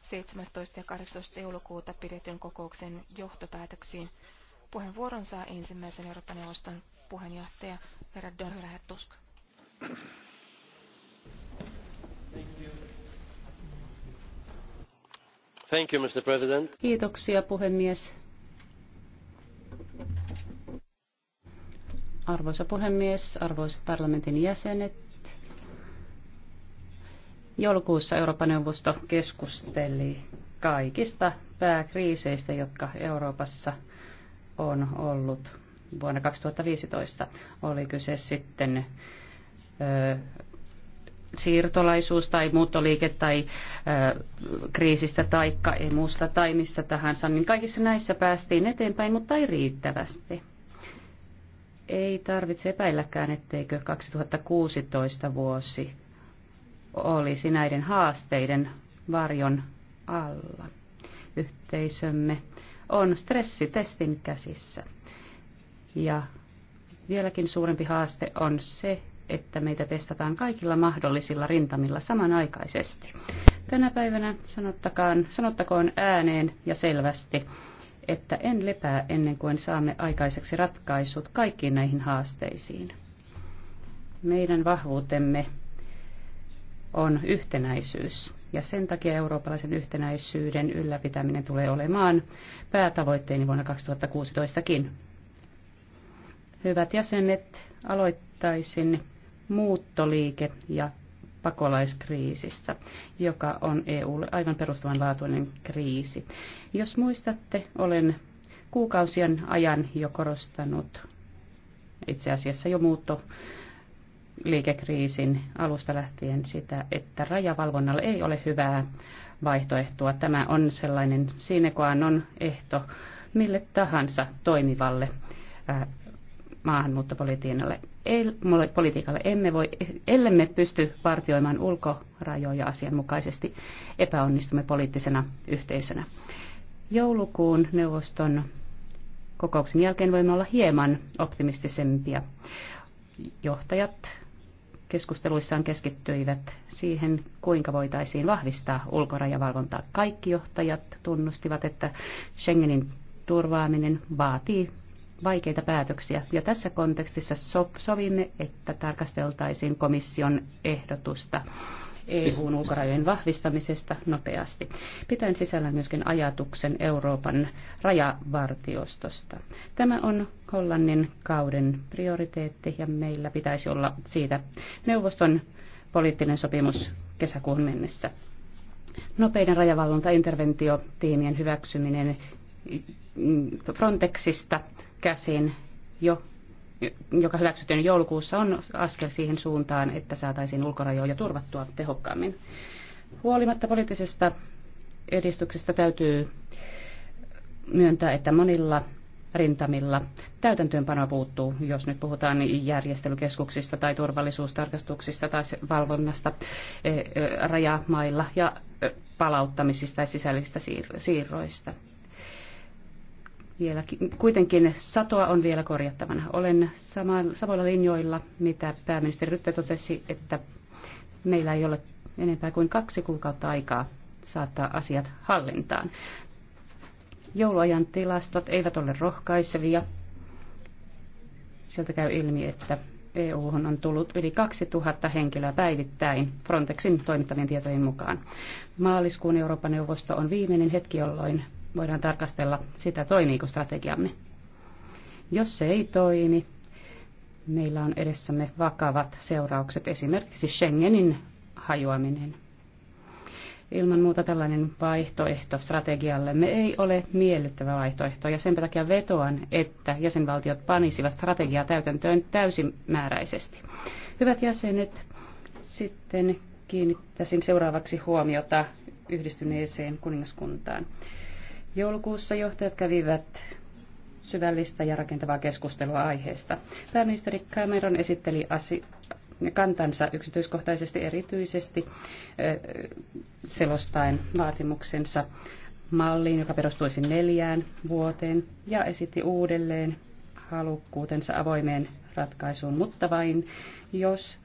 vuonna 17. ja 18. joulukuuta pidetyn kokouksen johtopäätöksiin. Puheenvuoron saa ensimmäisen Euroopan neuvoston puheenjohtaja herra Donner Tusk. Thank you, Mr. President. Kiitoksia puhemies. Arvoisa puhemies, arvoisat parlamentin jäsenet, Joulukuussa Euroopan neuvosto keskusteli kaikista pääkriiseistä, jotka Euroopassa on ollut vuonna 2015. Oli kyse sitten ö, siirtolaisuus tai muuttoliike tai ö, kriisistä tai emusta tai mistä tahansa, niin kaikissa näissä päästiin eteenpäin, mutta ei riittävästi. Ei tarvitse epäilläkään, etteikö 2016 vuosi olisi näiden haasteiden varjon alla. Yhteisömme on stressitestin käsissä. Ja vieläkin suurempi haaste on se, että meitä testataan kaikilla mahdollisilla rintamilla samanaikaisesti. Tänä päivänä sanottakaan, sanottakoon ääneen ja selvästi, että en lepää ennen kuin saamme aikaiseksi ratkaisut kaikkiin näihin haasteisiin. Meidän vahvuutemme on yhtenäisyys. Ja sen takia eurooppalaisen yhtenäisyyden ylläpitäminen tulee olemaan päätavoitteeni vuonna 2016kin. Hyvät jäsenet, aloittaisin muuttoliike- ja pakolaiskriisistä, joka on EUlle aivan perustavanlaatuinen kriisi. Jos muistatte, olen kuukausien ajan jo korostanut itse asiassa jo muutto liikekriisin alusta lähtien sitä, että rajavalvonnalla ei ole hyvää vaihtoehtoa. Tämä on sellainen sine on ehto mille tahansa toimivalle maahanmuuttopolitiikalle. emme voi, ellemme pysty vartioimaan ulkorajoja asianmukaisesti, epäonnistumme poliittisena yhteisönä. Joulukuun neuvoston kokouksen jälkeen voimme olla hieman optimistisempia. Johtajat keskusteluissaan keskittyivät siihen, kuinka voitaisiin vahvistaa ulkorajavalvontaa. Kaikki johtajat tunnustivat, että Schengenin turvaaminen vaatii vaikeita päätöksiä. Ja tässä kontekstissa sovimme, että tarkasteltaisiin komission ehdotusta EUn ulkorajojen vahvistamisesta nopeasti, pitäen sisällä myöskin ajatuksen Euroopan rajavartiostosta. Tämä on Hollannin kauden prioriteetti ja meillä pitäisi olla siitä neuvoston poliittinen sopimus kesäkuun mennessä. Nopeiden rajavalvontainterventiotiimien hyväksyminen Frontexista käsin jo joka hyväksyttiin joulukuussa, on askel siihen suuntaan, että saataisiin ulkorajoja turvattua tehokkaammin. Huolimatta poliittisesta edistyksestä täytyy myöntää, että monilla rintamilla täytäntöönpano puuttuu, jos nyt puhutaan järjestelykeskuksista tai turvallisuustarkastuksista tai valvonnasta eh, eh, rajamailla ja eh, palauttamisista ja sisällisistä siirroista vielä, kuitenkin satoa on vielä korjattavana. Olen sama, samoilla linjoilla, mitä pääministeri Rytte totesi, että meillä ei ole enempää kuin kaksi kuukautta aikaa saattaa asiat hallintaan. Jouluajan tilastot eivät ole rohkaisevia. Sieltä käy ilmi, että eu on tullut yli 2000 henkilöä päivittäin Frontexin toimittavien tietojen mukaan. Maaliskuun Euroopan neuvosto on viimeinen hetki, jolloin voidaan tarkastella sitä, toimiiko strategiamme. Jos se ei toimi, meillä on edessämme vakavat seuraukset, esimerkiksi Schengenin hajoaminen. Ilman muuta tällainen vaihtoehto strategiallemme ei ole miellyttävä vaihtoehto, ja sen takia vetoan, että jäsenvaltiot panisivat strategiaa täytäntöön täysimääräisesti. Hyvät jäsenet, sitten kiinnittäisin seuraavaksi huomiota yhdistyneeseen kuningaskuntaan. Joulukuussa johtajat kävivät syvällistä ja rakentavaa keskustelua aiheesta. Pääministeri Cameron esitteli asi- kantansa yksityiskohtaisesti erityisesti selostaen vaatimuksensa malliin, joka perustuisi neljään vuoteen, ja esitti uudelleen halukkuutensa avoimeen ratkaisuun, mutta vain jos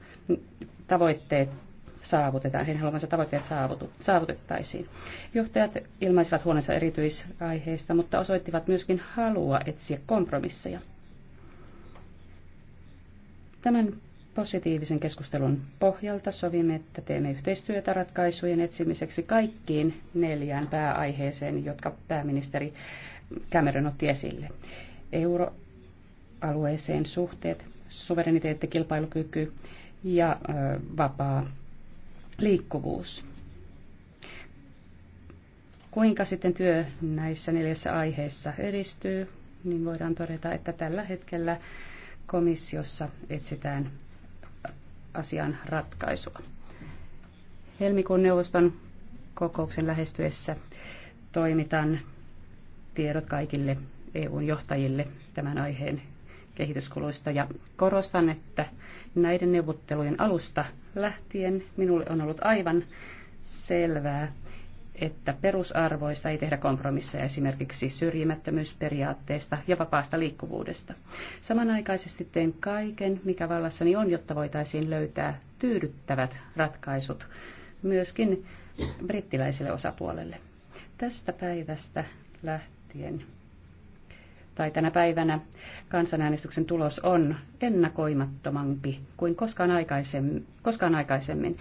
tavoitteet saavutetaan, heidän haluamansa tavoitteet saavutettaisiin. Johtajat ilmaisivat huolensa erityisaiheista, mutta osoittivat myöskin halua etsiä kompromisseja. Tämän positiivisen keskustelun pohjalta sovimme, että teemme yhteistyötä ratkaisujen etsimiseksi kaikkiin neljään pääaiheeseen, jotka pääministeri Cameron otti esille. Euroalueeseen suhteet, suvereniteetti, kilpailukyky ja ö, vapaa liikkuvuus. Kuinka sitten työ näissä neljässä aiheessa edistyy, niin voidaan todeta, että tällä hetkellä komissiossa etsitään asian ratkaisua. Helmikuun neuvoston kokouksen lähestyessä toimitan tiedot kaikille EUn johtajille tämän aiheen kehityskuluista. Ja korostan, että näiden neuvottelujen alusta lähtien minulle on ollut aivan selvää, että perusarvoista ei tehdä kompromisseja esimerkiksi syrjimättömyysperiaatteesta ja vapaasta liikkuvuudesta. Samanaikaisesti teen kaiken, mikä vallassani on, jotta voitaisiin löytää tyydyttävät ratkaisut myöskin brittiläiselle osapuolelle. Tästä päivästä lähtien tai tänä päivänä kansanäänestyksen tulos on ennakoimattomampi kuin koskaan aikaisemmin. Koskaan aikaisemmin.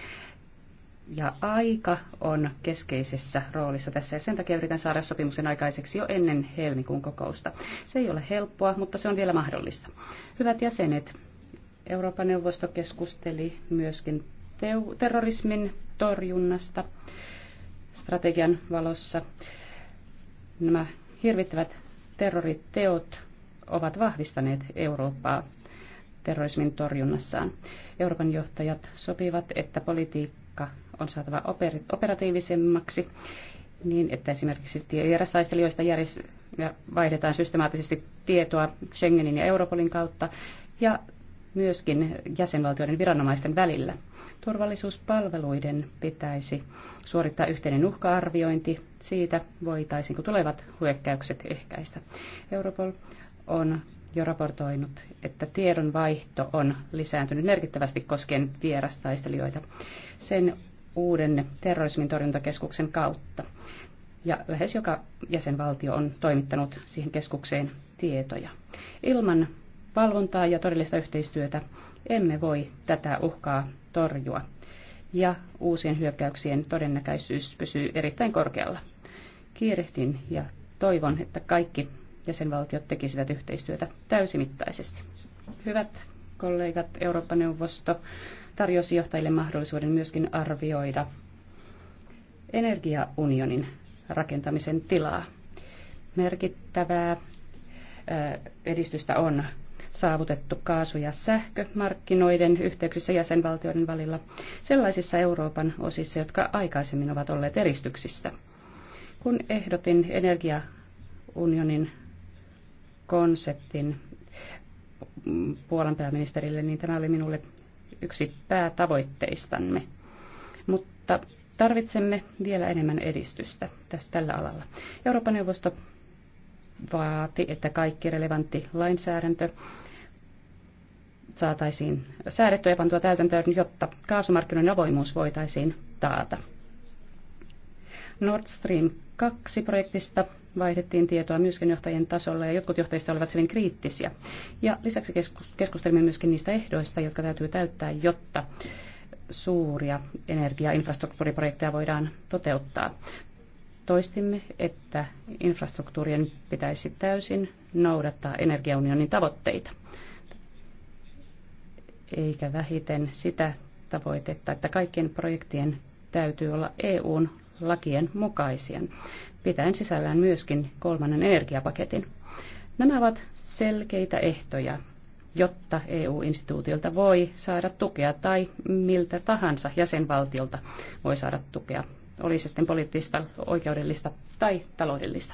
Ja aika on keskeisessä roolissa tässä ja sen takia yritän saada sopimuksen aikaiseksi jo ennen helmikuun kokousta. Se ei ole helppoa, mutta se on vielä mahdollista. Hyvät jäsenet, Euroopan neuvosto keskusteli myöskin terrorismin torjunnasta strategian valossa. Nämä hirvittävät terroriteot ovat vahvistaneet Eurooppaa terrorismin torjunnassaan. Euroopan johtajat sopivat, että politiikka on saatava operatiivisemmaksi niin, että esimerkiksi vierastaistelijoista järjest- vaihdetaan systemaattisesti tietoa Schengenin ja Europolin kautta ja myöskin jäsenvaltioiden viranomaisten välillä. Turvallisuuspalveluiden pitäisi suorittaa yhteinen uhka-arviointi siitä, voitaisiinko tulevat hyökkäykset ehkäistä. Europol on jo raportoinut, että tiedonvaihto on lisääntynyt merkittävästi koskien vierastaistelijoita sen uuden terrorismin torjuntakeskuksen kautta. Ja lähes joka jäsenvaltio on toimittanut siihen keskukseen tietoja. Ilman valvontaa ja todellista yhteistyötä, emme voi tätä uhkaa torjua. Ja uusien hyökkäyksien todennäköisyys pysyy erittäin korkealla. Kiirehtin ja toivon, että kaikki jäsenvaltiot tekisivät yhteistyötä täysimittaisesti. Hyvät kollegat, Eurooppa-neuvosto tarjosi johtajille mahdollisuuden myöskin arvioida energiaunionin rakentamisen tilaa. Merkittävää edistystä on saavutettu kaasu- ja sähkömarkkinoiden yhteyksissä jäsenvaltioiden välillä sellaisissa Euroopan osissa, jotka aikaisemmin ovat olleet eristyksissä. Kun ehdotin energiaunionin konseptin Puolan pääministerille, niin tämä oli minulle yksi päätavoitteistamme. Mutta tarvitsemme vielä enemmän edistystä tässä tällä alalla. Euroopan neuvosto vaati, että kaikki relevantti lainsäädäntö saataisiin säädettyä ja pantua täytäntöön, jotta kaasumarkkinoiden avoimuus voitaisiin taata. Nord Stream 2-projektista vaihdettiin tietoa myöskin johtajien tasolla ja jotkut johtajista olivat hyvin kriittisiä. Ja lisäksi keskustelimme myöskin niistä ehdoista, jotka täytyy täyttää, jotta suuria energiainfrastruktuuriprojekteja voidaan toteuttaa. Toistimme, että infrastruktuurien pitäisi täysin noudattaa energiaunionin tavoitteita eikä vähiten sitä tavoitetta, että kaikkien projektien täytyy olla EUn lakien mukaisia, pitäen sisällään myöskin kolmannen energiapaketin. Nämä ovat selkeitä ehtoja, jotta EU-instituutiolta voi saada tukea tai miltä tahansa jäsenvaltiolta voi saada tukea, oli se sitten poliittista, oikeudellista tai taloudellista.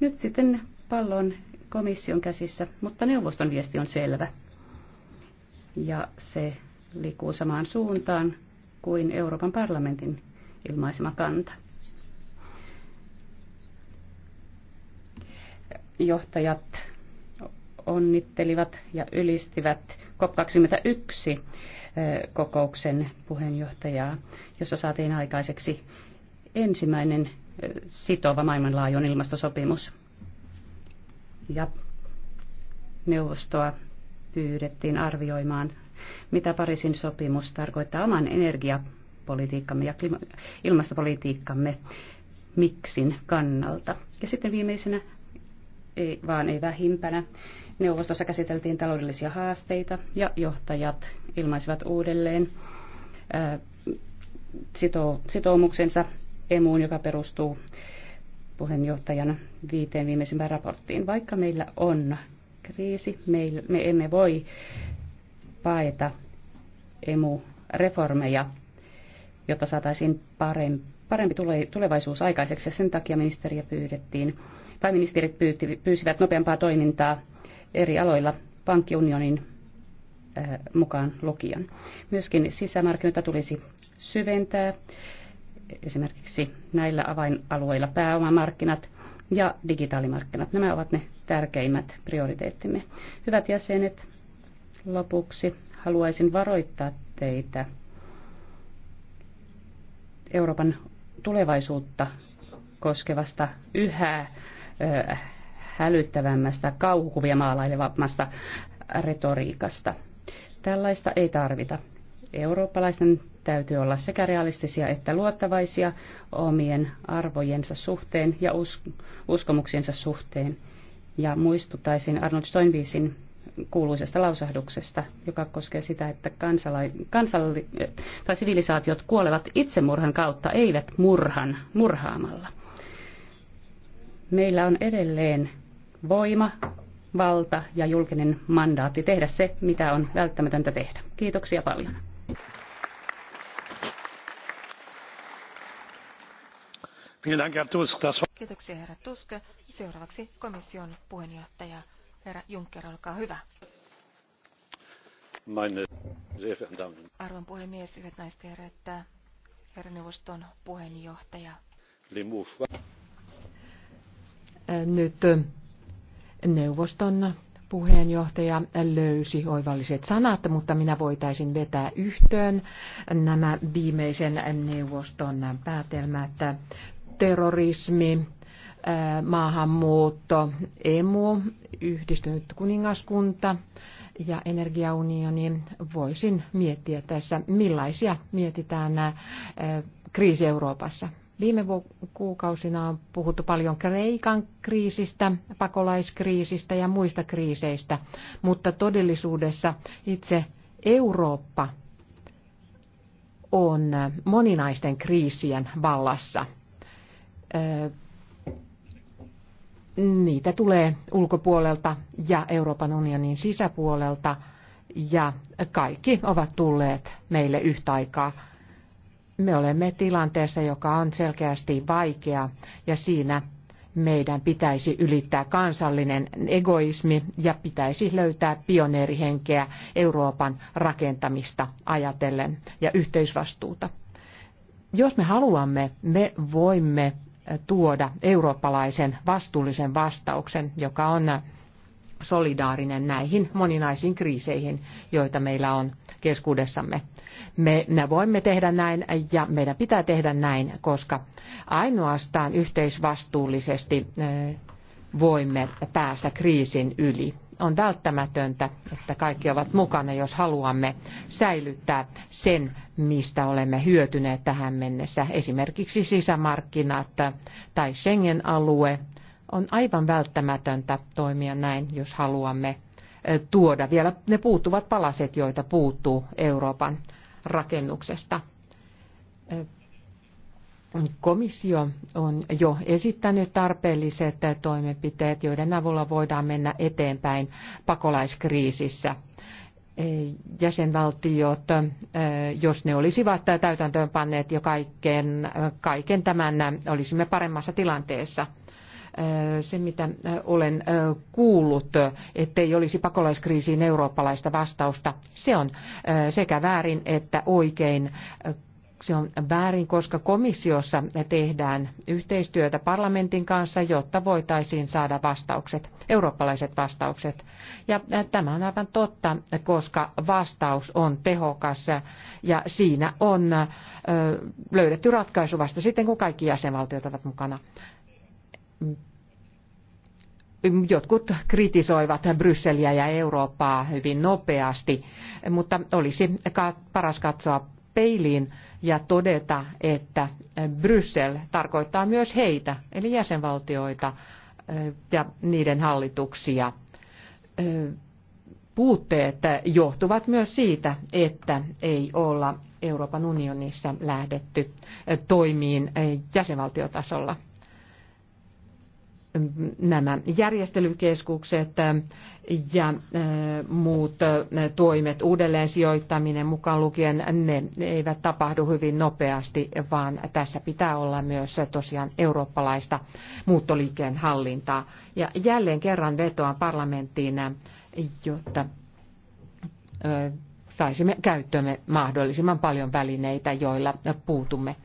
Nyt sitten pallon komission käsissä, mutta neuvoston viesti on selvä ja se liikkuu samaan suuntaan kuin Euroopan parlamentin ilmaisema kanta. Johtajat onnittelivat ja ylistivät COP21 eh, kokouksen puheenjohtajaa, jossa saatiin aikaiseksi ensimmäinen eh, sitova maailmanlaajuinen ilmastosopimus. Ja neuvostoa pyydettiin arvioimaan, mitä Pariisin sopimus tarkoittaa oman energiapolitiikkamme ja ilmastopolitiikkamme miksin kannalta. Ja sitten viimeisenä, ei, vaan ei vähimpänä, neuvostossa käsiteltiin taloudellisia haasteita ja johtajat ilmaisivat uudelleen ää, sito, sitoumuksensa emuun, joka perustuu puheenjohtajan viiteen viimeisimpään raporttiin. Vaikka meillä on kriisi. Me emme voi paeta emu-reformeja, jotta saataisiin parempi tulevaisuus aikaiseksi. Ja sen takia ministeriä pyydettiin, tai ministerit pyysivät nopeampaa toimintaa eri aloilla pankkiunionin äh, mukaan lukion. Myöskin sisämarkkinoita tulisi syventää esimerkiksi näillä avainalueilla pääomamarkkinat, ja digitaalimarkkinat. Nämä ovat ne tärkeimmät prioriteettimme. Hyvät jäsenet, lopuksi haluaisin varoittaa teitä Euroopan tulevaisuutta koskevasta yhä äh, hälyttävämmästä kauhukuvia maalailevammasta retoriikasta. Tällaista ei tarvita. Eurooppalaisten täytyy olla sekä realistisia että luottavaisia omien arvojensa suhteen ja uskomuksiensa suhteen. Ja muistuttaisin Arnold Steinbeisin kuuluisesta lausahduksesta, joka koskee sitä, että kansala- kansalli- tai sivilisaatiot kuolevat itsemurhan kautta, eivät murhan murhaamalla. Meillä on edelleen voima, valta ja julkinen mandaatti tehdä se, mitä on välttämätöntä tehdä. Kiitoksia paljon. Kiitoksia herra Tusk. Seuraavaksi komission puheenjohtaja herra Juncker, olkaa hyvä. Arvon puhemies, hyvät naiset ja herrat, herra neuvoston puheenjohtaja. Äh, nyt äh, neuvoston puheenjohtaja löysi oivalliset sanat, mutta minä voitaisin vetää yhteen nämä viimeisen neuvoston päätelmät terrorismi, maahanmuutto, emu, yhdistynyt kuningaskunta ja energiaunioni. Voisin miettiä tässä, millaisia mietitään kriisi Euroopassa. Viime kuukausina on puhuttu paljon Kreikan kriisistä, pakolaiskriisistä ja muista kriiseistä, mutta todellisuudessa itse Eurooppa on moninaisten kriisien vallassa – niitä tulee ulkopuolelta ja Euroopan unionin sisäpuolelta ja kaikki ovat tulleet meille yhtä aikaa. Me olemme tilanteessa, joka on selkeästi vaikea ja siinä meidän pitäisi ylittää kansallinen egoismi ja pitäisi löytää pioneerihenkeä Euroopan rakentamista ajatellen ja yhteisvastuuta. Jos me haluamme, me voimme tuoda eurooppalaisen vastuullisen vastauksen, joka on solidaarinen näihin moninaisiin kriiseihin, joita meillä on keskuudessamme. Me voimme tehdä näin ja meidän pitää tehdä näin, koska ainoastaan yhteisvastuullisesti eh, voimme päästä kriisin yli. On välttämätöntä, että kaikki ovat mukana, jos haluamme säilyttää sen, mistä olemme hyötyneet tähän mennessä. Esimerkiksi sisämarkkinat tai Schengen-alue on aivan välttämätöntä toimia näin, jos haluamme tuoda vielä ne puuttuvat palaset, joita puuttuu Euroopan rakennuksesta Komissio on jo esittänyt tarpeelliset toimenpiteet, joiden avulla voidaan mennä eteenpäin pakolaiskriisissä. Jäsenvaltiot, eh, jos ne olisivat täytäntöönpanneet panneet jo kaiken, kaiken tämän, olisimme paremmassa tilanteessa eh, se, mitä eh, olen kuullut, ettei olisi pakolaiskriisiin eurooppalaista vastausta, se on sekä väärin että oikein, se on väärin, koska komissiossa tehdään yhteistyötä parlamentin kanssa, jotta voitaisiin saada vastaukset, eurooppalaiset vastaukset. Ja tämä on aivan totta, koska vastaus on tehokas ja siinä on löydetty ratkaisu vasta sitten, kun kaikki jäsenvaltiot ovat mukana jotkut kritisoivat Brysseliä ja Eurooppaa hyvin nopeasti, mutta olisi paras katsoa peiliin ja todeta, että Bryssel tarkoittaa myös heitä, eli jäsenvaltioita ja niiden hallituksia. Puutteet johtuvat myös siitä, että ei olla Euroopan unionissa lähdetty toimiin jäsenvaltiotasolla nämä järjestelykeskukset ja äh, muut äh, toimet, uudelleen sijoittaminen mukaan lukien, ne eivät tapahdu hyvin nopeasti, vaan tässä pitää olla myös tosiaan eurooppalaista muuttoliikkeen hallintaa. Ja jälleen kerran vetoan parlamenttiin, jotta äh, saisimme käyttöömme mahdollisimman paljon välineitä, joilla puutumme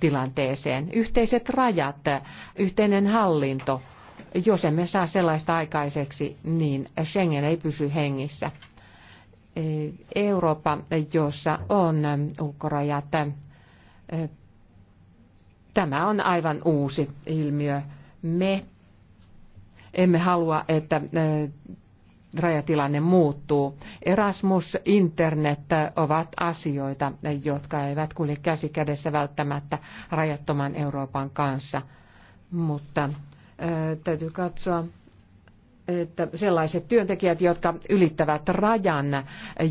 tilanteeseen. Yhteiset rajat, yhteinen hallinto, jos emme saa sellaista aikaiseksi, niin Schengen ei pysy hengissä. Eurooppa, jossa on ulkorajat, tämä on aivan uusi ilmiö. Me emme halua, että rajatilanne muuttuu. Erasmus, internet ovat asioita, jotka eivät kulje käsi kädessä välttämättä rajattoman Euroopan kanssa, mutta täytyy katsoa että sellaiset työntekijät, jotka ylittävät rajan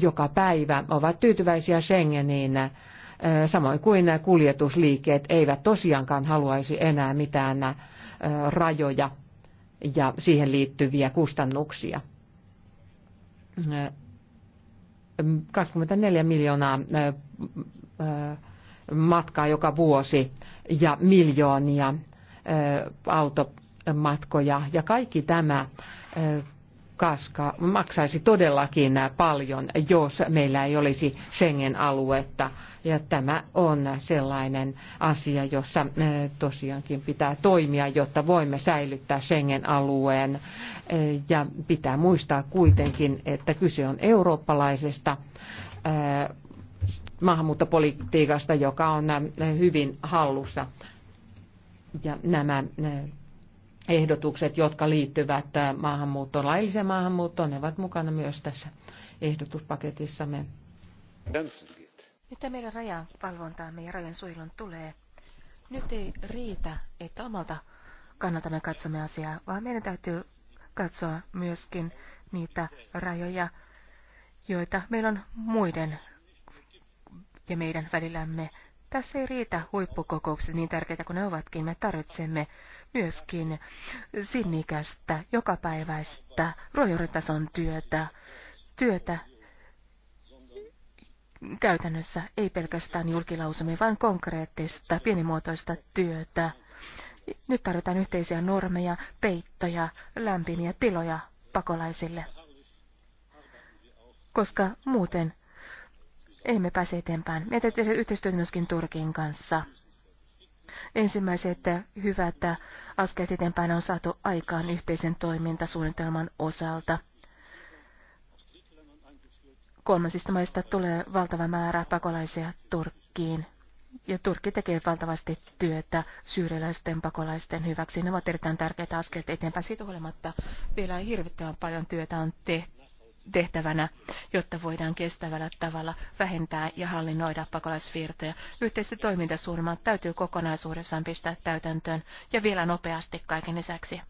joka päivä, ovat tyytyväisiä Schengeniin, samoin kuin kuljetusliikkeet eivät tosiaankaan haluaisi enää mitään rajoja ja siihen liittyviä kustannuksia. 24 miljoonaa matkaa joka vuosi ja miljoonia auto matkoja ja kaikki tämä kaska, maksaisi todellakin paljon, jos meillä ei olisi Schengen-aluetta. Ja tämä on sellainen asia, jossa tosiaankin pitää toimia, jotta voimme säilyttää Schengen-alueen. Ja pitää muistaa kuitenkin, että kyse on eurooppalaisesta maahanmuuttopolitiikasta, joka on hyvin hallussa. Ja nämä ehdotukset, jotka liittyvät äh, maahanmuuttoon, lailliseen maahanmuuttoon, ne ovat mukana myös tässä ehdotuspaketissamme. Mitä meidän rajavalvontaan, meidän rajan suojelun tulee? Nyt ei riitä, että omalta me katsomme asiaa, vaan meidän täytyy katsoa myöskin niitä rajoja, joita meillä on muiden ja meidän välillämme. Tässä ei riitä huippukokoukset niin tärkeitä kuin ne ovatkin. Me tarvitsemme myöskin sinnikästä, jokapäiväistä, ruohonjuuritason työtä, työtä käytännössä ei pelkästään julkilausumia, vaan konkreettista, pienimuotoista työtä. Nyt tarvitaan yhteisiä normeja, peittoja, lämpimiä tiloja pakolaisille, koska muuten emme pääse eteenpäin. Meidän täytyy tehdä yhteistyötä myöskin Turkin kanssa. Ensimmäiset hyvät askelet eteenpäin on saatu aikaan yhteisen toimintasuunnitelman osalta. Kolmansista maista tulee valtava määrä pakolaisia Turkkiin. Ja Turkki tekee valtavasti työtä syyrialaisten pakolaisten hyväksi. Ne ovat erittäin tärkeitä askeleita eteenpäin. Siitä huolimatta vielä hirvittävän paljon työtä on tehty tehtävänä, jotta voidaan kestävällä tavalla vähentää ja hallinnoida pakolaisvirtoja. Yhteiset toimintasuunnitelmat täytyy kokonaisuudessaan pistää täytäntöön ja vielä nopeasti kaiken lisäksi.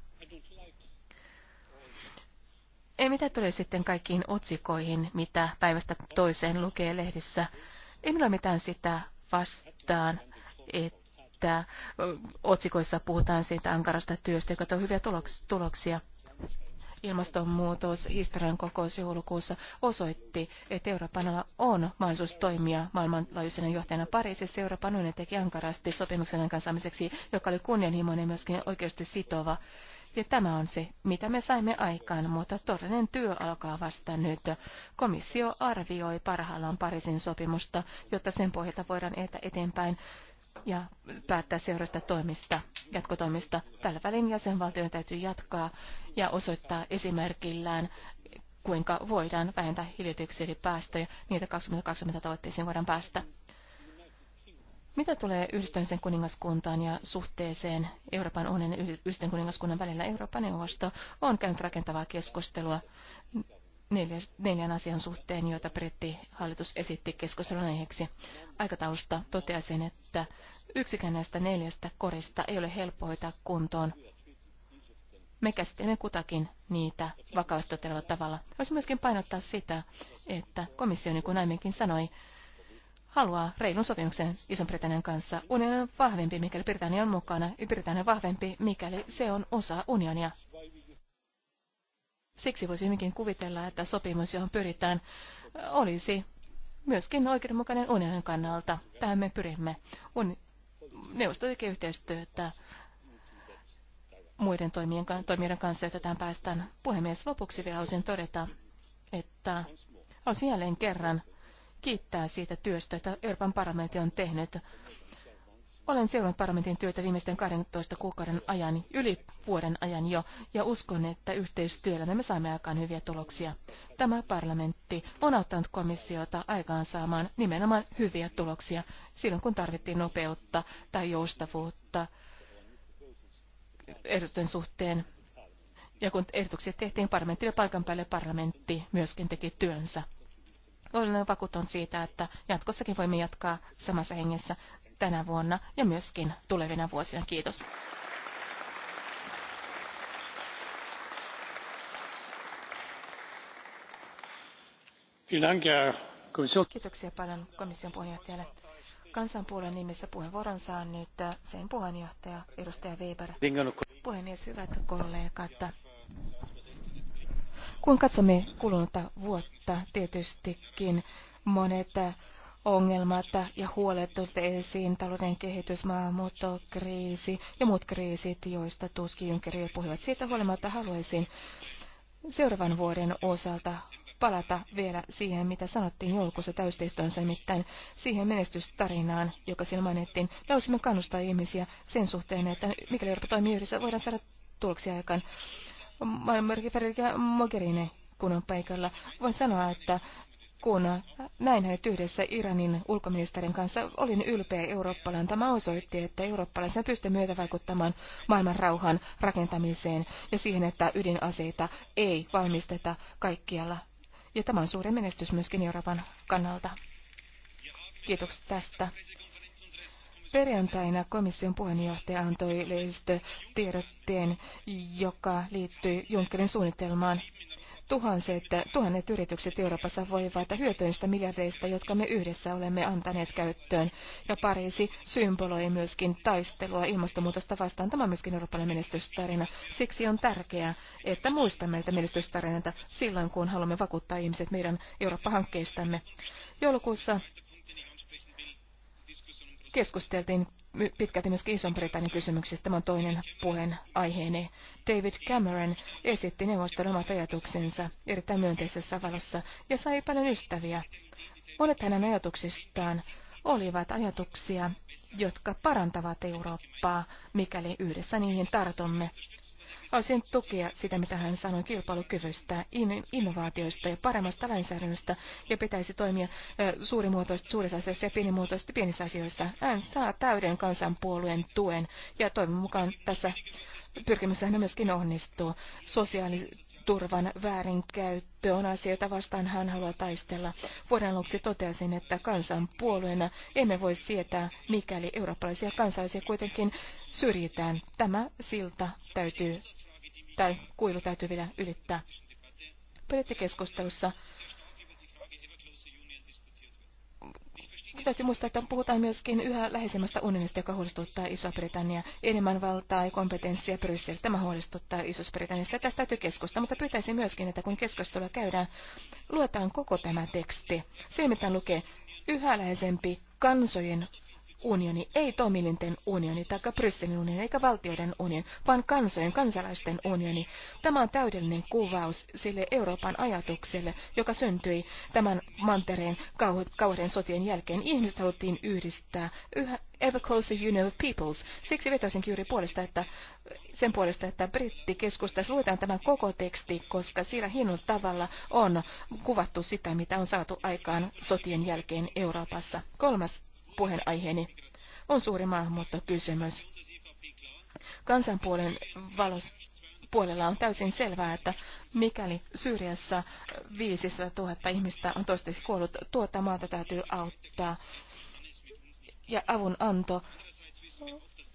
Ei mitä tulee sitten kaikkiin otsikoihin, mitä päivästä toiseen lukee lehdissä. Ei minulla mitään sitä vastaan, että otsikoissa puhutaan siitä ankarasta työstä, joka tuo hyviä tuloksia ilmastonmuutos historian kokous joulukuussa osoitti, että Euroopanalla on mahdollisuus toimia maailmanlaajuisena johtajana Pariisissa. Euroopan unioni teki ankarasti sopimuksen aikaansaamiseksi, joka oli kunnianhimoinen ja myöskin oikeasti sitova. Ja tämä on se, mitä me saimme aikaan, mutta todellinen työ alkaa vasta nyt. Komissio arvioi parhaillaan Pariisin sopimusta, jotta sen pohjalta voidaan edetä eteenpäin ja päättää seurasta toimista, jatkotoimista. Tällä välin jäsenvaltioiden täytyy jatkaa ja osoittaa esimerkillään, kuinka voidaan vähentää hiilidioksidipäästöjä, niitä 2020 tavoitteisiin voidaan päästä. Mitä tulee yhdistymisen kuningaskuntaan ja suhteeseen Euroopan unionin ja yhdistymisen kuningaskunnan välillä, Euroopan neuvosto on käynyt rakentavaa keskustelua neljän asian suhteen, joita hallitus esitti keskustelun aiheeksi. Aikataulusta toteaisin, että yksikään näistä neljästä korista ei ole helppo hoitaa kuntoon. Me käsittelemme kutakin niitä vakavasti totelevalla tavalla. Voisi myöskin painottaa sitä, että komissio, niin kuin aiemminkin sanoi, haluaa reilun sopimuksen Ison-Britannian kanssa. Unioni on vahvempi, mikäli Britannia on mukana, ja Britannia on vahvempi, mikäli se on osa unionia. Siksi voisi hyvinkin kuvitella, että sopimus, johon pyritään, olisi myöskin oikeudenmukainen unionin kannalta. Tähän me pyrimme. Un... Neuvosto tekee yhteistyötä muiden toimien, toimijoiden kanssa, jotta tähän päästään. Puhemies, lopuksi vielä haluaisin todeta, että haluaisin jälleen kerran kiittää siitä työstä, että Euroopan parlamentti on tehnyt olen seurannut parlamentin työtä viimeisten 12 kuukauden ajan, yli vuoden ajan jo, ja uskon, että yhteistyöllä me saamme aikaan hyviä tuloksia. Tämä parlamentti on auttanut komissiota aikaan saamaan nimenomaan hyviä tuloksia silloin, kun tarvittiin nopeutta tai joustavuutta ehdotusten suhteen. Ja kun ehdotuksia tehtiin parlamentille paikan päälle, parlamentti myöskin teki työnsä olen vakuuttunut siitä, että jatkossakin voimme jatkaa samassa hengessä tänä vuonna ja myöskin tulevina vuosina. Kiitos. Kiitoksia paljon komission puheenjohtajalle. Kansanpuolen nimissä puheenvuoron saa nyt äh, sen puheenjohtaja, edustaja Weber. Puhemies, hyvät kollegat. Kun katsomme kulunutta vuotta, tietystikin monet äh, ongelmat ja huolet esiin, talouden kehitys, maahanmuuttokriisi ja muut kriisit, joista tuskin Juncker puhuivat. Siitä huolimatta haluaisin seuraavan vuoden osalta palata vielä siihen, mitä sanottiin joulukuussa täysteistönsä, nimittäin siihen menestystarinaan, joka siellä mainittiin. Lausimme kannustaa ihmisiä sen suhteen, että mikäli Eurooppa toimii yhdessä, voidaan saada tuloksia aikaan. Maailmanmerkki Federica Mogherini kun on paikalla. Voin sanoa, että kun näin hänet yhdessä Iranin ulkoministerin kanssa, olin ylpeä eurooppalainen. Tämä osoitti, että eurooppalaisen myötä vaikuttamaan maailman rauhan rakentamiseen ja siihen, että ydinaseita ei valmisteta kaikkialla. Ja tämä on suuri menestys myöskin Euroopan kannalta. Kiitokset tästä. Perjantaina komission puheenjohtaja antoi lehdistötiedotteen, joka liittyi Junckerin suunnitelmaan Tuhanset, tuhannet yritykset Euroopassa voivat hyötyistä miljardeista, jotka me yhdessä olemme antaneet käyttöön. Ja Pariisi symboloi myöskin taistelua ilmastonmuutosta vastaan. Tämä on myöskin eurooppalainen menestystarina. Siksi on tärkeää, että muistamme näitä menestystarinoita silloin, kun haluamme vakuuttaa ihmiset meidän Eurooppa-hankkeistamme. Joulukuussa keskusteltiin pitkälti myös Ison-Britannian kysymyksistä. Tämä on toinen puheen aiheeni. David Cameron esitti neuvoston omat ajatuksensa erittäin myönteisessä valossa ja sai paljon ystäviä. Monet hänen ajatuksistaan olivat ajatuksia, jotka parantavat Eurooppaa, mikäli yhdessä niihin tartumme. Haluaisin tukea sitä, mitä hän sanoi kilpailukyvystä, innovaatioista ja paremmasta lainsäädännöstä, ja pitäisi toimia suurimuotoisesti suurissa asioissa ja pienimuotoisesti pienissä asioissa. Hän saa täyden kansanpuolueen tuen, ja toivon mukaan tässä hän myöskin onnistuu. Sosiaali- turvan väärinkäyttö on asia, jota vastaan hän haluaa taistella. Vuoden aluksi totesin, että kansanpuolueena emme voi sietää, mikäli eurooppalaisia kansalaisia kuitenkin syrjitään. Tämä silta täytyy, tai kuilu täytyy vielä ylittää. Budjettikeskustelussa Täytyy muistaa, että puhutaan myöskin yhä läheisemmästä unionista, joka huolestuttaa Iso-Britannia. Enemmän valtaa ja kompetenssia Bryssel. Tämä huolestuttaa Iso-Britanniassa. Tästä täytyy keskustella, mutta pyytäisin myöskin, että kun keskustelua käydään, luetaan koko tämä teksti. Se, mitä lukee, yhä läheisempi kansojen unioni ei toimielinten unioni taikka Brysselin unioni eikä valtioiden unioni, vaan kansojen kansalaisten unioni. Tämä on täydellinen kuvaus sille Euroopan ajatukselle, joka syntyi tämän mantereen kauden sotien jälkeen. Ihmiset haluttiin yhdistää yhä Ever Closer Union of Peoples. Siksi vetoisinkin juuri puolesta, että sen puolesta, että brittikeskustassa luetaan tämä koko teksti, koska sillä hienolla tavalla on kuvattu sitä, mitä on saatu aikaan sotien jälkeen Euroopassa. Kolmas puheenaiheeni on suuri maahanmuuttokysymys. Kansanpuolen valos, puolella on täysin selvää, että mikäli Syyriassa 500 000 ihmistä on toistaiseksi kuollut, tuota maata täytyy auttaa. Ja avun anto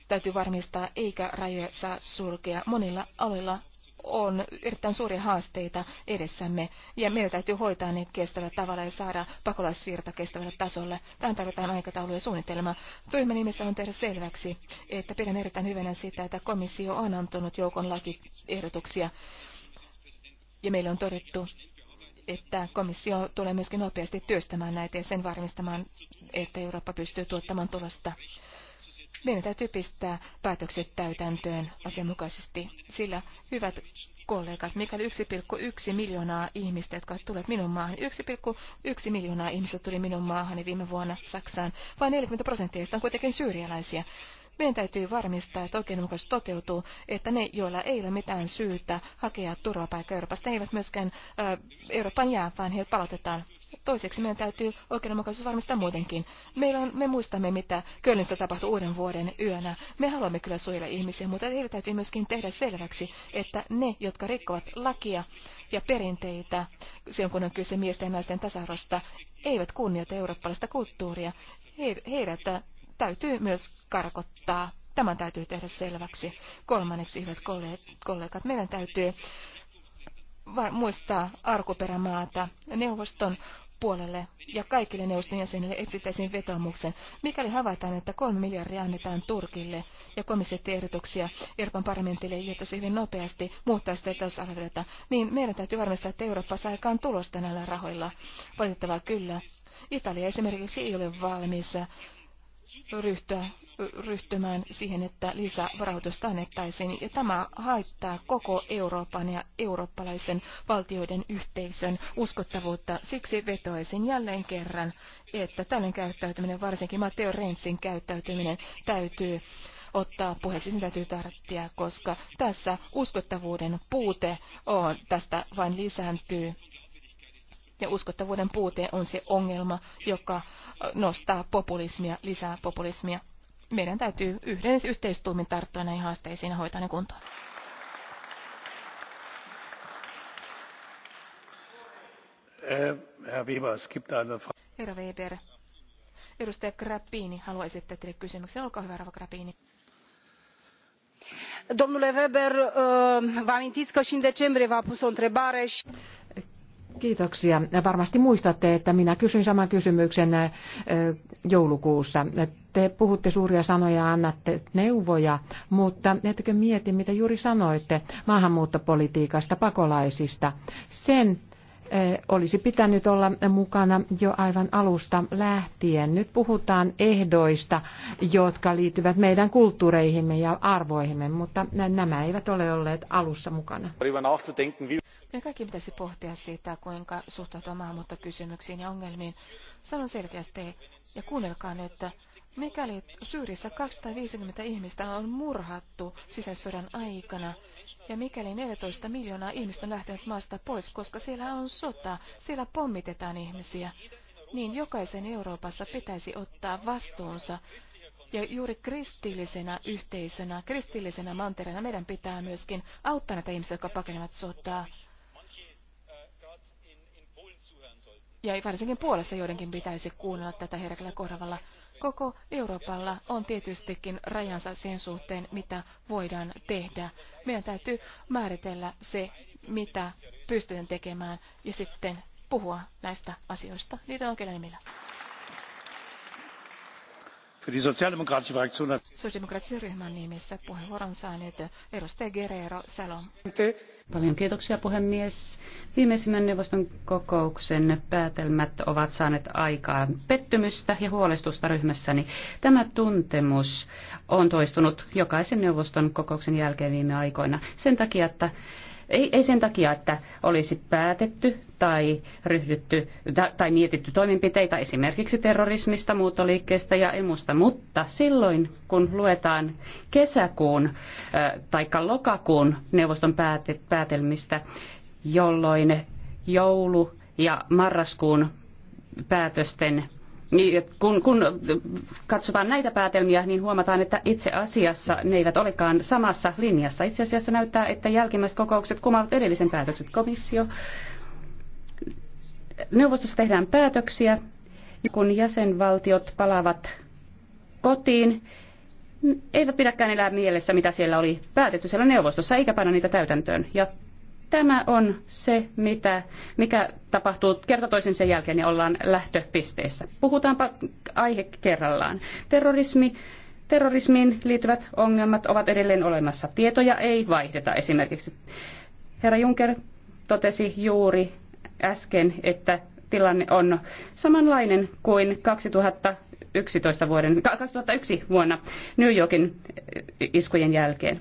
täytyy varmistaa, eikä rajoja saa sulkea. Monilla aloilla on erittäin suuria haasteita edessämme ja meidän täytyy hoitaa ne kestävällä tavalla ja saada pakolaisvirta kestävälle tasolle. Tähän tarvitaan aikataulu ja suunnitelma. Ryhmän nimessä on tehdä selväksi, että pidän erittäin hyvänä sitä, että komissio on antanut joukon lakiehdotuksia ja meille on todettu, että komissio tulee myöskin nopeasti työstämään näitä ja sen varmistamaan, että Eurooppa pystyy tuottamaan tulosta. Meidän täytyy pistää päätökset täytäntöön asianmukaisesti, sillä hyvät kollegat, mikäli 1,1 miljoonaa ihmistä, jotka tulevat minun maahan, 1,1 miljoonaa ihmistä tuli minun maahani viime vuonna Saksaan, vain 40 prosenttia on kuitenkin syyrialaisia. Meidän täytyy varmistaa, että oikeudenmukaisuus toteutuu, että ne, joilla ei ole mitään syytä hakea turvapaikkaa Euroopasta, eivät myöskään ää, Euroopan jää, vaan heidät palautetaan. Toiseksi meidän täytyy oikeudenmukaisuus varmistaa muutenkin. Meillä on, me muistamme, mitä Kölnistä tapahtui uuden vuoden yönä. Me haluamme kyllä suojella ihmisiä, mutta heille täytyy myöskin tehdä selväksi, että ne, jotka rikkovat lakia ja perinteitä, silloin kun on kyse miesten ja naisten tasa-arvosta, eivät kunnioita eurooppalaista kulttuuria. He, heidät täytyy myös karkottaa. Tämän täytyy tehdä selväksi. Kolmanneksi, hyvät kollegat, meidän täytyy muistaa arkuperämaata neuvoston puolelle ja kaikille neuvoston jäsenille etsittäisiin vetomuksen, mikäli havaitaan, että kolme miljardia annetaan Turkille ja komission ehdotuksia Euroopan parlamentille, jotta se hyvin nopeasti muuttaa sitä talousarviota, niin meidän täytyy varmistaa, että Eurooppa saa aikaan tulosta näillä rahoilla. Valitettavaa kyllä. Italia esimerkiksi ei ole valmis ryhtyä, ryhtymään siihen, että lisävarautusta annettaisiin. Ja tämä haittaa koko Euroopan ja eurooppalaisen valtioiden yhteisön uskottavuutta. Siksi vetoisin jälleen kerran, että tällainen käyttäytyminen, varsinkin Matteo Rensin käyttäytyminen, täytyy ottaa puheeksi, sen täytyy tarttia, koska tässä uskottavuuden puute on, tästä vain lisääntyy ja uskottavuuden puute on se ongelma, joka nostaa populismia, lisää populismia. Meidän täytyy yhden yhteistuumin tarttua näihin haasteisiin ja hoitaa ne kuntoon. Herra Weber, edustaja Grappini haluaa esittää teille kysymyksen. Olkaa hyvä, Rava Grappini domnule weber vă amintiți că și în decembrie v a pus o întrebare și. Kiitoksia. Varmasti muistatte, että minä kysyn saman kysymyksen äh, joulukuussa. Te puhutte suuria sanoja ja annatte neuvoja, mutta ettekö mieti, mitä juuri sanoitte maahanmuuttopolitiikasta, pakolaisista. Sen Eh, olisi pitänyt olla mukana jo aivan alusta lähtien. Nyt puhutaan ehdoista, jotka liittyvät meidän kulttuureihimme ja arvoihimme, mutta nämä eivät ole olleet alussa mukana. Meidän kaikki pitäisi pohtia siitä, kuinka suhtautua maahanmuuttokysymyksiin ja ongelmiin. Sanon selkeästi ja kuunnelkaa nyt, että mikäli Syyrissä 250 ihmistä on murhattu sisäsodan aikana, ja mikäli 14 miljoonaa ihmistä on lähtenyt maasta pois, koska siellä on sota, siellä pommitetaan ihmisiä, niin jokaisen Euroopassa pitäisi ottaa vastuunsa. Ja juuri kristillisenä yhteisönä, kristillisenä mantereena meidän pitää myöskin auttaa näitä ihmisiä, jotka pakenevat sotaa. Ja varsinkin Puolassa joidenkin pitäisi kuunnella tätä herkällä korvalla. Koko Euroopalla on tietystikin rajansa sen suhteen, mitä voidaan tehdä. Meidän täytyy määritellä se, mitä pystytään tekemään ja sitten puhua näistä asioista niiden oikeilla nimillä sosiaalidemokraattisen ryhmän nimissä puheenvuoron saaneet edustaja Guerrero Paljon kiitoksia puhemies. Viimeisimmän neuvoston kokouksen päätelmät ovat saaneet aikaan pettymystä ja huolestusta ryhmässäni. Tämä tuntemus on toistunut jokaisen neuvoston kokouksen jälkeen viime aikoina sen takia, että ei, ei sen takia, että olisi päätetty tai ryhdytty tai mietitty toimenpiteitä esimerkiksi terrorismista, muuttoliikkeestä ja emusta, mutta silloin kun luetaan kesäkuun tai lokakuun neuvoston päätelmistä, jolloin joulu ja marraskuun päätösten niin, kun, kun katsotaan näitä päätelmiä, niin huomataan, että itse asiassa ne eivät olekaan samassa linjassa. Itse asiassa näyttää, että jälkimmäiset kokoukset kumavat edellisen päätökset. Komissio neuvostossa tehdään päätöksiä, kun jäsenvaltiot palaavat kotiin, eivät pidäkään elää mielessä, mitä siellä oli päätetty siellä neuvostossa, eikä panna niitä täytäntöön. Ja Tämä on se, mitä, mikä tapahtuu kerta toisen sen jälkeen ja niin ollaan lähtöpisteessä. Puhutaanpa aihe kerrallaan. Terrorismi, terrorismiin liittyvät ongelmat ovat edelleen olemassa. Tietoja ei vaihdeta esimerkiksi. Herra Juncker totesi juuri äsken, että tilanne on samanlainen kuin 2011 vuoden, 2001 vuonna New Yorkin iskujen jälkeen.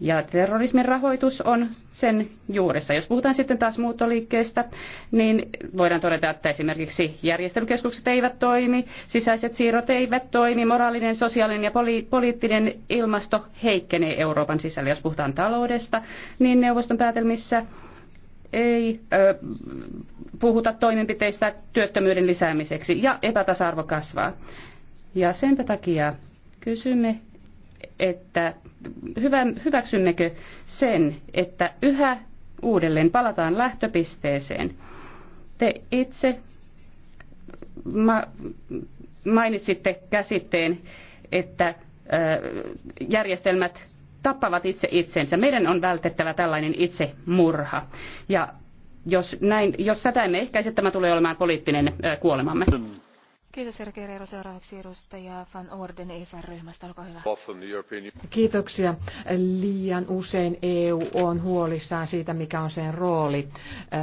Ja terrorismin rahoitus on sen juuressa. Jos puhutaan sitten taas muuttoliikkeestä, niin voidaan todeta, että esimerkiksi järjestelykeskukset eivät toimi, sisäiset siirrot eivät toimi, moraalinen, sosiaalinen ja poli- poliittinen ilmasto heikkenee Euroopan sisällä. Jos puhutaan taloudesta, niin neuvoston päätelmissä ei ö, puhuta toimenpiteistä työttömyyden lisäämiseksi ja epätasa-arvo kasvaa. Ja senpä takia kysymme että hyvä, hyväksymmekö sen, että yhä uudelleen palataan lähtöpisteeseen. Te itse ma- mainitsitte käsitteen, että järjestelmät tappavat itse itsensä. Meidän on vältettävä tällainen itsemurha. Ja jos, näin, jos tätä emme ehkäise, tämä tulee olemaan poliittinen kuolemamme. Kiitos, herra Guerrero. Seuraavaksi edustaja Van Orden ESR-ryhmästä. Olkaa hyvä. Kiitoksia. Liian usein EU on huolissaan siitä, mikä on sen rooli, äh,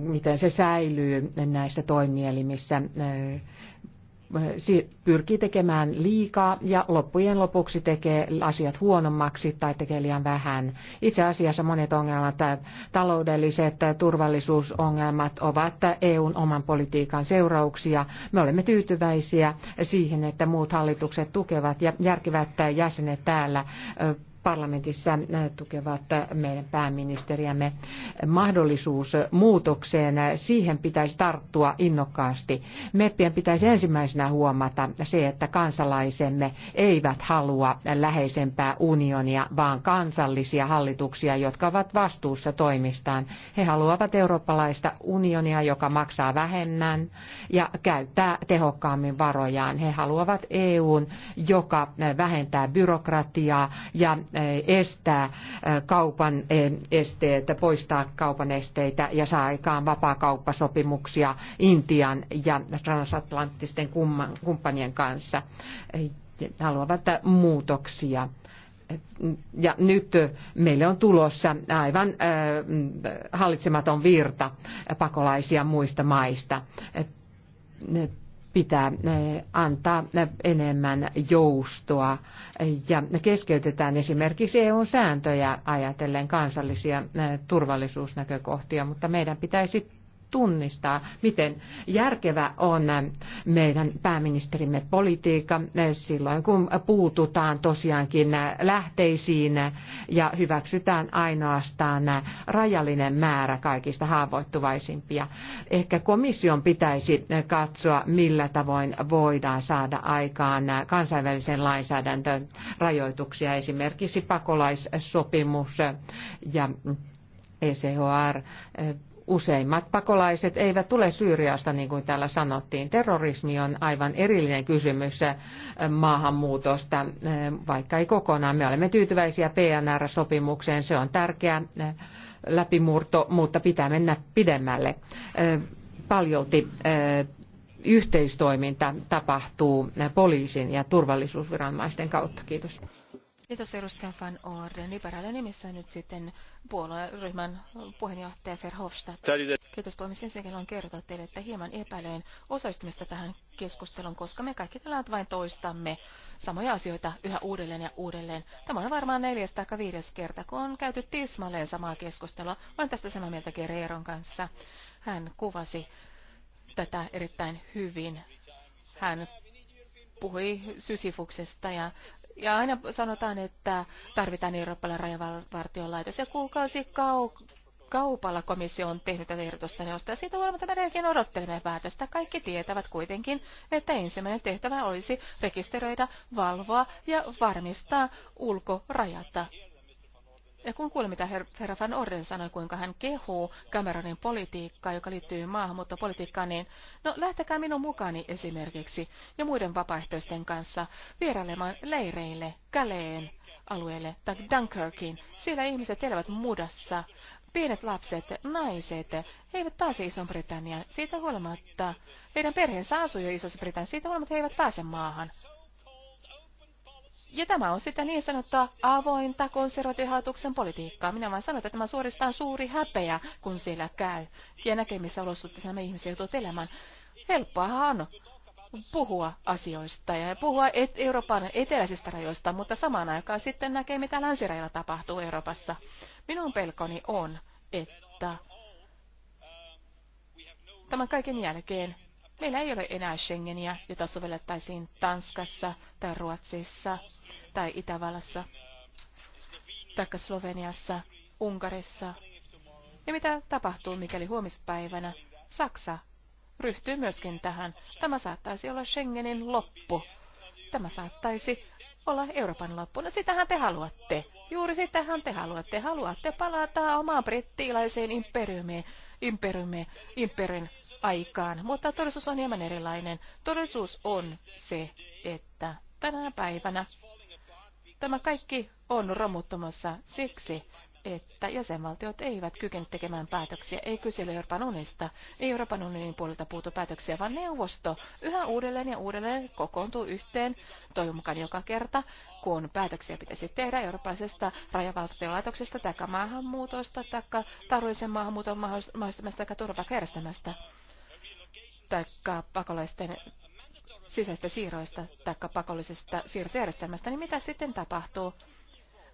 miten se säilyy näissä toimielimissä äh, pyrkii tekemään liikaa ja loppujen lopuksi tekee asiat huonommaksi tai tekee liian vähän. Itse asiassa monet ongelmat, taloudelliset turvallisuusongelmat ovat EUn oman politiikan seurauksia. Me olemme tyytyväisiä siihen, että muut hallitukset tukevat ja järkivät jäsenet täällä parlamentissa äh, tukevat äh, meidän pääministeriämme. Mahdollisuus muutokseen, äh, siihen pitäisi tarttua innokkaasti. Meppien pitäisi ensimmäisenä huomata se, että kansalaisemme eivät halua läheisempää unionia, vaan kansallisia hallituksia, jotka ovat vastuussa toimistaan. He haluavat eurooppalaista unionia, joka maksaa vähemmän ja käyttää tehokkaammin varojaan. He haluavat EUn, joka vähentää byrokratiaa ja estää kaupan esteitä, poistaa kaupan esteitä ja saa aikaan vapaakauppasopimuksia Intian ja transatlanttisten kumppanien kanssa. Haluavat muutoksia. Ja nyt meille on tulossa aivan hallitsematon virta pakolaisia muista maista pitää eh, antaa eh, enemmän joustoa ja keskeytetään esimerkiksi EUn sääntöjä ajatellen kansallisia eh, turvallisuusnäkökohtia, mutta meidän pitäisi tunnistaa, miten järkevä on meidän pääministerimme politiikka silloin, kun puututaan tosiaankin lähteisiin ja hyväksytään ainoastaan rajallinen määrä kaikista haavoittuvaisimpia. Ehkä komission pitäisi katsoa, millä tavoin voidaan saada aikaan kansainvälisen lainsäädäntön rajoituksia, esimerkiksi pakolaissopimus ja ECHR Useimmat pakolaiset eivät tule Syyriasta, niin kuin täällä sanottiin. Terrorismi on aivan erillinen kysymys eh, maahanmuutosta, eh, vaikka ei kokonaan. Me olemme tyytyväisiä PNR-sopimukseen. Se on tärkeä eh, läpimurto, mutta pitää mennä pidemmälle. Paljolti yhteistoiminta tapahtuu poliisin ja turvallisuusviranomaisten kautta. Kiitos. Kiitos edustaja Van Orden. Liberaalien nimissä nyt sitten puolueryhmän puheenjohtaja Verhofstadt. Kiitos puhemies. Ensinnäkin on kertoa teille, että hieman epäilen osallistumista tähän keskusteluun, koska me kaikki tällä vain toistamme samoja asioita yhä uudelleen ja uudelleen. Tämä on varmaan neljäs tai viides kerta, kun on käyty tismalleen samaa keskustelua. Olen tästä samaa mieltä Gereeron kanssa. Hän kuvasi tätä erittäin hyvin. Hän puhui Sysifuksesta ja ja aina sanotaan, että tarvitaan Eurooppalainen rajavartiolaitos. Ja kuukausi kau- kaupalla komissio on tehnyt tätä ehdotusta neosta. Ja siitä huolimatta edelleenkin odottelemme päätöstä. Kaikki tietävät kuitenkin, että ensimmäinen tehtävä olisi rekisteröidä, valvoa ja varmistaa ulkorajata. Ja kun kuulin, mitä herra Van Orden sanoi, kuinka hän kehuu Cameronin politiikkaa, joka liittyy maahanmuuttopolitiikkaan, niin no lähtekää minun mukani esimerkiksi ja muiden vapaaehtoisten kanssa vierailemaan leireille, Käleen alueelle tai Dunkirkiin. Siellä ihmiset elävät mudassa. Pienet lapset, naiset, he eivät pääse ison britanniaan siitä huolimatta. Heidän perheensä asuu jo Iso-Britanniaan, siitä huolimatta he eivät pääse maahan. Ja tämä on sitten niin sanottua avointa konservatiohallituksen politiikkaa. Minä vain sanon, että tämä on suorastaan suuri häpeä, kun siellä käy. Ja näkemissä olosuhteissa nämä ihmiset joutuvat elämään. Helppoahan on puhua asioista ja puhua et Euroopan eteläisistä rajoista, mutta samaan aikaan sitten näkee, mitä länsirajalla tapahtuu Euroopassa. Minun pelkoni on, että tämän kaiken jälkeen Meillä ei ole enää Schengeniä, jota sovellettaisiin Tanskassa tai Ruotsissa tai Itävallassa tai Sloveniassa, Unkarissa. Ja mitä tapahtuu, mikäli huomispäivänä Saksa ryhtyy myöskin tähän? Tämä saattaisi olla Schengenin loppu. Tämä saattaisi olla Euroopan loppu. No sitähän te haluatte. Juuri sitähän te haluatte. Haluatte palata omaan brittiläiseen imperiumiin, imperiumiin, imperin aikaan, mutta todellisuus on hieman erilainen. Todellisuus on se, että tänä päivänä tämä kaikki on romuttumassa siksi, että jäsenvaltiot eivät kykene tekemään päätöksiä. Ei kysele Euroopan unista, ei Euroopan unionin puolelta puutu päätöksiä, vaan neuvosto yhä uudelleen ja uudelleen kokoontuu yhteen, toivon mukaan joka kerta, kun päätöksiä pitäisi tehdä eurooppalaisesta rajavaltiolaitoksesta tai maahanmuutosta tai taruisen maahanmuuton mahdollistamasta tai turvakärjestämästä tai pakolaisten sisäistä siirroista tai pakollisesta siirtojärjestelmästä, niin mitä sitten tapahtuu?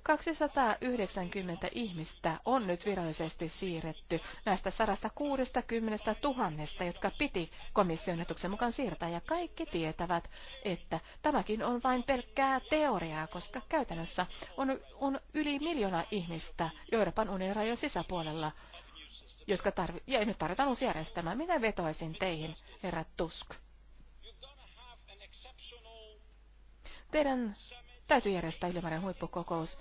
290 ihmistä on nyt virallisesti siirretty näistä 160 000, jotka piti komissionetuksen mukaan siirtää. Ja kaikki tietävät, että tämäkin on vain pelkkää teoriaa, koska käytännössä on, on yli miljoona ihmistä Euroopan unionin rajojen sisäpuolella, jotka tarvi, ja nyt tarvitaan uusi järjestelmä. Minä vetoaisin teihin, herra Tusk. Teidän täytyy järjestää ylimääräinen huippukokous.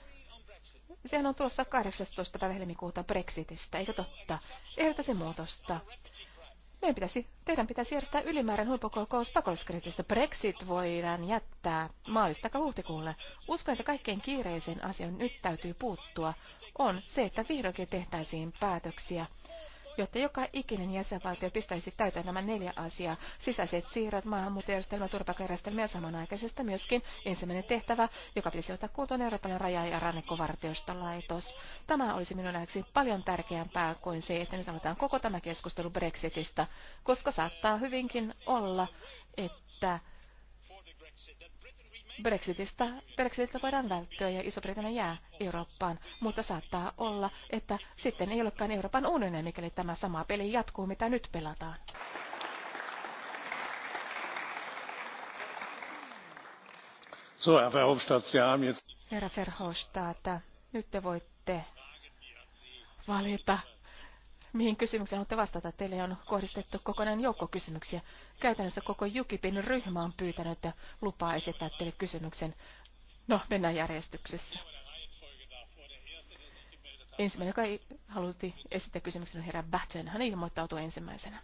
Sehän on tulossa 18. päivä helmikuuta Brexitistä, eikö totta? Ehdottaisin muutosta. Meidän pitäisi, teidän pitäisi järjestää ylimääräinen huippukokous pakolliskriitistä. Brexit voidaan jättää maalista huhtikuulle. Uskon, että kaikkein kiireisen asian nyt täytyy puuttua on se, että vihdoinkin tehtäisiin päätöksiä jotta joka ikinen jäsenvaltio pistäisi täytäntöön nämä neljä asiaa. Sisäiset siirrot, maahanmuuttojärjestelmä, turvapaikkajärjestelmä ja samanaikaisesti myöskin ensimmäinen tehtävä, joka pitäisi ottaa kuntoon Euroopan raja- ja laitos. Tämä olisi minun nähdäkseni paljon tärkeämpää kuin se, että nyt aletaan koko tämä keskustelu Brexitistä, koska saattaa hyvinkin olla, että Brexitistä, Brexitistä voidaan välttyä ja Iso-Britannia jää Eurooppaan, mutta saattaa olla, että sitten ei olekaan Euroopan unioni, mikäli tämä sama peli jatkuu, mitä nyt pelataan. So, Herr Verhofstadt, Sie haben jetzt... Herra Verhofstadt, nyt te voitte valita mihin kysymykseen haluatte vastata. Teille on kohdistettu kokonainen joukko kysymyksiä. Käytännössä koko Jukipin ryhmä on pyytänyt lupaa esittää teille kysymyksen. No, mennään järjestyksessä. Ensimmäinen, joka halusi esittää kysymyksen, on herra Batten. Hän ilmoittautui ensimmäisenä.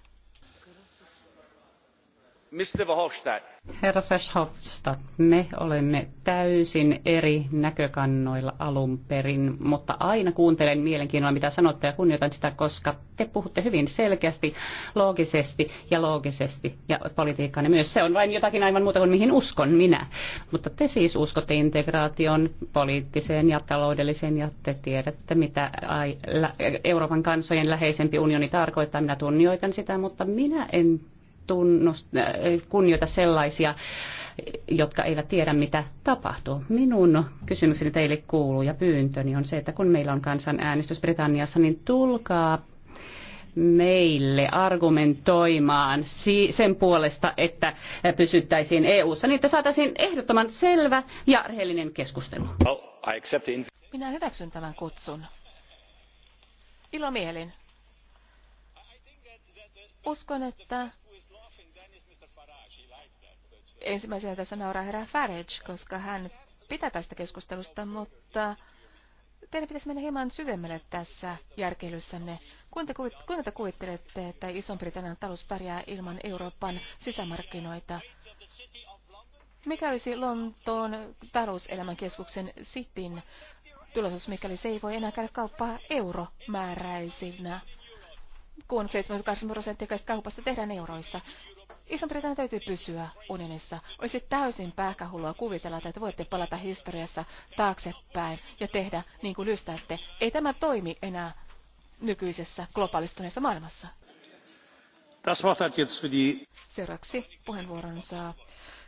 Herra Verhofstadt, me olemme täysin eri näkökannoilla alun perin, mutta aina kuuntelen mielenkiinnolla, mitä sanotte ja kunnioitan sitä, koska te puhutte hyvin selkeästi, loogisesti ja loogisesti ja politiikkaanne myös. Se on vain jotakin aivan muuta kuin mihin uskon minä. Mutta te siis uskotte integraation poliittiseen ja taloudelliseen ja te tiedätte, mitä Euroopan kansojen läheisempi unioni tarkoittaa. Minä tunnioitan sitä, mutta minä en tunnust, äh, kunnioita sellaisia, jotka eivät tiedä, mitä tapahtuu. Minun kysymykseni teille kuuluu ja pyyntöni on se, että kun meillä on kansanäänestys Britanniassa, niin tulkaa meille argumentoimaan sen puolesta, että pysyttäisiin EU-ssa, niin että saataisiin ehdottoman selvä ja rehellinen keskustelu. Minä hyväksyn tämän kutsun. Ilomielin. Uskon, että Ensimmäisenä tässä nauraa herra Farage, koska hän pitää tästä keskustelusta, mutta teidän pitäisi mennä hieman syvemmälle tässä järkeilyssänne. Kuinka te, kuvittelette, että iso britannian talous pärjää ilman Euroopan sisämarkkinoita? Mikä olisi Lontoon talouselämän keskuksen sitin tulos, mikäli se ei voi enää käydä kauppaa euromääräisinä? kun 78 prosenttia kaupasta tehdään euroissa iso täytyy pysyä unenissa, Olisi täysin pähkähullua kuvitella, että voitte palata historiassa taaksepäin ja tehdä niin kuin lystäätte. Ei tämä toimi enää nykyisessä globaalistuneessa maailmassa. Das Wort hat jetzt für die... Seuraavaksi puheenvuoron saa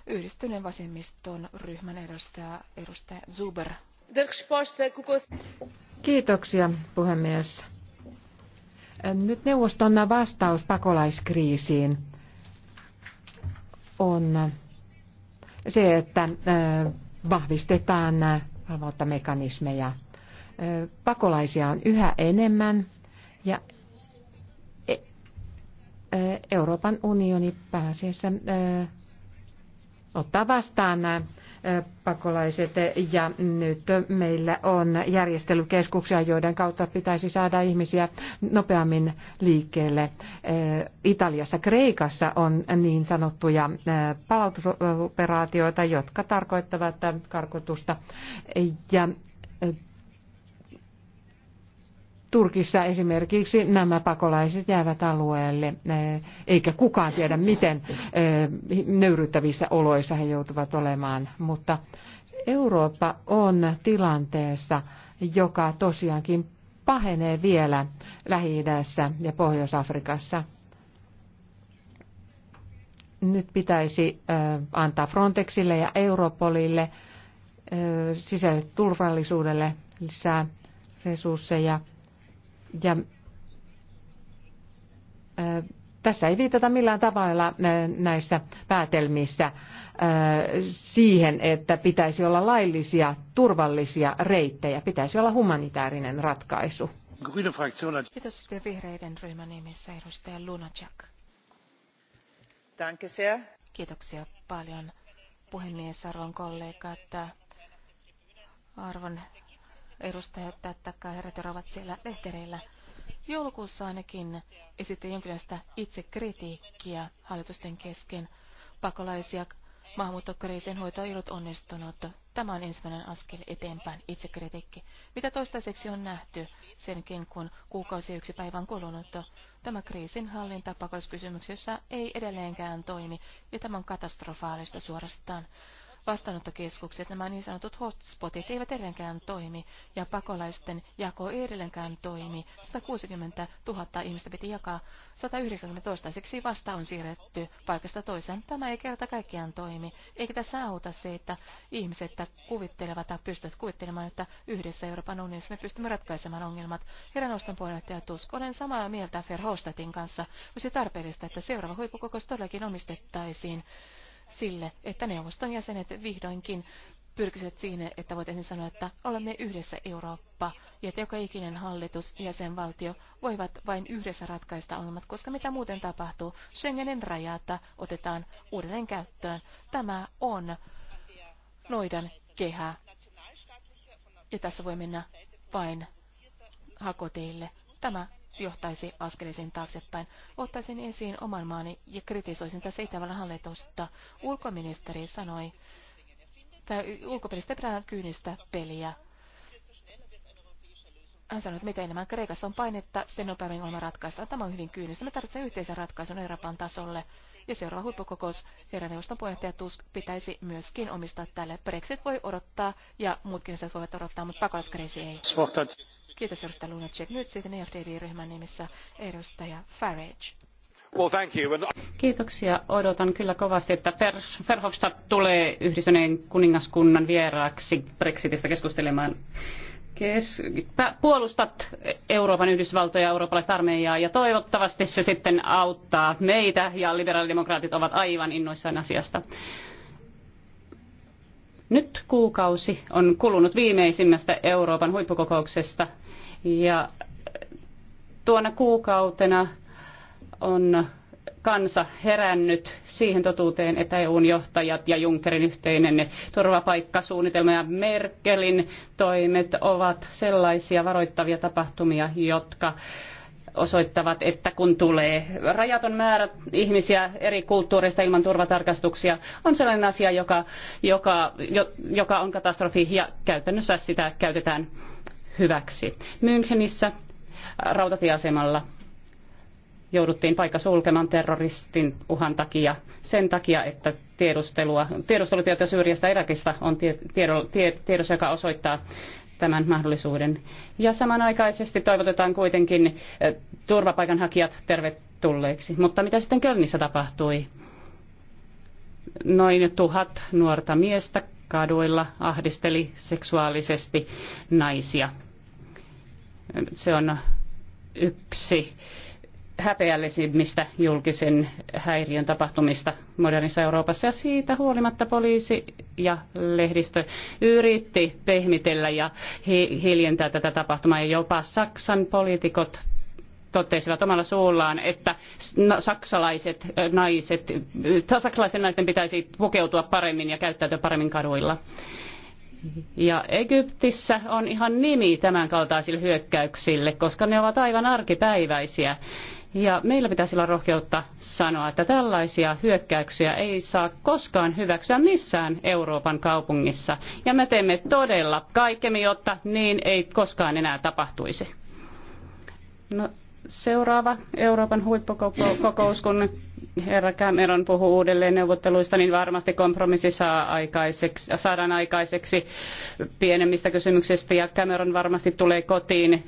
yhdistyneen vasemmiston ryhmän edustaja, edustaja Zuber. Kiitoksia, puhemies. Nyt neuvoston vastaus pakolaiskriisiin on se, että vahvistetaan valvontamekanismeja. Pakolaisia on yhä enemmän ja e, Euroopan unioni pääasiassa ottaa vastaan pakolaiset ja nyt meillä on järjestelykeskuksia, joiden kautta pitäisi saada ihmisiä nopeammin liikkeelle. Italiassa, Kreikassa on niin sanottuja palautusoperaatioita, jotka tarkoittavat karkotusta ja Turkissa esimerkiksi nämä pakolaiset jäävät alueelle, eh, eikä kukaan tiedä, miten eh, nöyryttävissä oloissa he joutuvat olemaan. Mutta Eurooppa on tilanteessa, joka tosiaankin pahenee vielä Lähi-idässä ja Pohjois-Afrikassa. Nyt pitäisi eh, antaa Frontexille ja Europolille sisäiselle turvallisuudelle lisää resursseja. Ja tässä ei viitata millään tavalla näissä päätelmissä siihen, että pitäisi olla laillisia, turvallisia reittejä. Pitäisi olla humanitaarinen ratkaisu. Kiitos sitten vihreiden ryhmän nimissä edustaja Lunacek. Kiitoksia paljon puhemies, arvon kollegat, arvon edustajat täyttäkää herrat ja rovat siellä lehtereillä. Joulukuussa ainakin esitti jonkinlaista itsekritiikkiä hallitusten kesken. Pakolaisia maahanmuuttokriisin hoito ei ollut onnistunut. Tämä on ensimmäinen askel eteenpäin, itsekritiikki. Mitä toistaiseksi on nähty senkin, kun kuukausi yksi päivän kulunut? Tämä kriisin hallinta pakolaiskysymyksessä ei edelleenkään toimi, ja tämä on katastrofaalista suorastaan vastaanottokeskukset, nämä niin sanotut hotspotit, eivät edelleenkään toimi, ja pakolaisten jako ei edelleenkään toimi. 160 000 ihmistä piti jakaa, 190 toistaiseksi vasta on siirretty paikasta toiseen. Tämä ei kerta kaikkiaan toimi, eikä tässä auta se, että ihmiset kuvittelevat tai pystyvät kuvittelemaan, että yhdessä Euroopan unionissa me pystymme ratkaisemaan ongelmat. Herran ostan puheenjohtaja Tusk, olen samaa mieltä Verhofstadtin kanssa. Olisi tarpeellista, että seuraava huippukokous todellakin omistettaisiin sille, että neuvoston jäsenet vihdoinkin pyrkisivät siihen, että voitaisiin sanoa, että olemme yhdessä Eurooppa, ja että joka ikinen hallitus ja jäsenvaltio voivat vain yhdessä ratkaista ongelmat, koska mitä muuten tapahtuu, Schengenin rajata otetaan uudelleen käyttöön. Tämä on noidan kehä, ja tässä voi mennä vain hakoteille. Tämä johtaisi askelisiin taaksepäin. Ottaisin esiin oman maani ja kritisoisin tässä Itävallan hallitusta. Ulkoministeri sanoi, tai ulkoministeri pitää kyynistä peliä. Hän sanoi, että mitä enemmän Kreikassa on painetta, sen nopeammin ongelma ratkaistaan. Tämä on hyvin kyynistä. Me tarvitsemme yhteisen ratkaisun Euroopan tasolle. Ja seuraava huippukokous herraneuvoston puheenjohtaja Tusk pitäisi myöskin omistaa tälle. Brexit voi odottaa ja muutkin asiat voivat odottaa, mutta pakolaiskriisi ei. Kiitos edustaja Lunacek. Nyt sitten efdd ryhmän nimissä edustaja Farage. Well, thank you. Kiitoksia. Odotan kyllä kovasti, että Verhofstadt tulee yhdistyneen kuningaskunnan vieraaksi Brexitistä keskustelemaan. Kes... Puolustat Euroopan Yhdysvaltoja ja eurooppalaista armeijaa ja toivottavasti se sitten auttaa meitä ja liberaalidemokraatit ovat aivan innoissaan asiasta. Nyt kuukausi on kulunut viimeisimmästä Euroopan huippukokouksesta – ja tuona kuukautena on kansa herännyt siihen totuuteen, että EUn johtajat ja Junckerin yhteinen turvapaikkasuunnitelma ja Merkelin toimet ovat sellaisia varoittavia tapahtumia, jotka osoittavat, että kun tulee rajaton määrä ihmisiä eri kulttuureista ilman turvatarkastuksia, on sellainen asia, joka, joka, joka on katastrofi ja käytännössä sitä käytetään hyväksi. Münchenissä rautatieasemalla jouduttiin paikka sulkemaan terroristin uhan takia sen takia, että tiedustelua, tiedustelutietoja Syyriasta ja Irakista on tiedo, tiedossa, joka osoittaa tämän mahdollisuuden. Ja samanaikaisesti toivotetaan kuitenkin eh, turvapaikanhakijat tervetulleiksi. Mutta mitä sitten Kölnissä tapahtui? Noin tuhat nuorta miestä kaduilla ahdisteli seksuaalisesti naisia. Se on yksi häpeällisimmistä julkisen häiriön tapahtumista modernissa Euroopassa ja siitä huolimatta poliisi ja lehdistö yritti pehmitellä ja hiljentää tätä tapahtumaa ja jopa Saksan poliitikot totesivat omalla suullaan, että no, saksalaiset naiset, saksalaisten naisten pitäisi pukeutua paremmin ja käyttäytyä paremmin kaduilla. Ja Egyptissä on ihan nimi tämän kaltaisille hyökkäyksille, koska ne ovat aivan arkipäiväisiä. Ja meillä pitäisi olla rohkeutta sanoa, että tällaisia hyökkäyksiä ei saa koskaan hyväksyä missään Euroopan kaupungissa. Ja me teemme todella kaikkemme, jotta niin ei koskaan enää tapahtuisi. No, seuraava Euroopan huippukokous, kun herra Cameron puhuu uudelleen neuvotteluista, niin varmasti kompromissi saa aikaiseksi, saadaan aikaiseksi pienemmistä kysymyksistä. Ja Cameron varmasti tulee kotiin eh,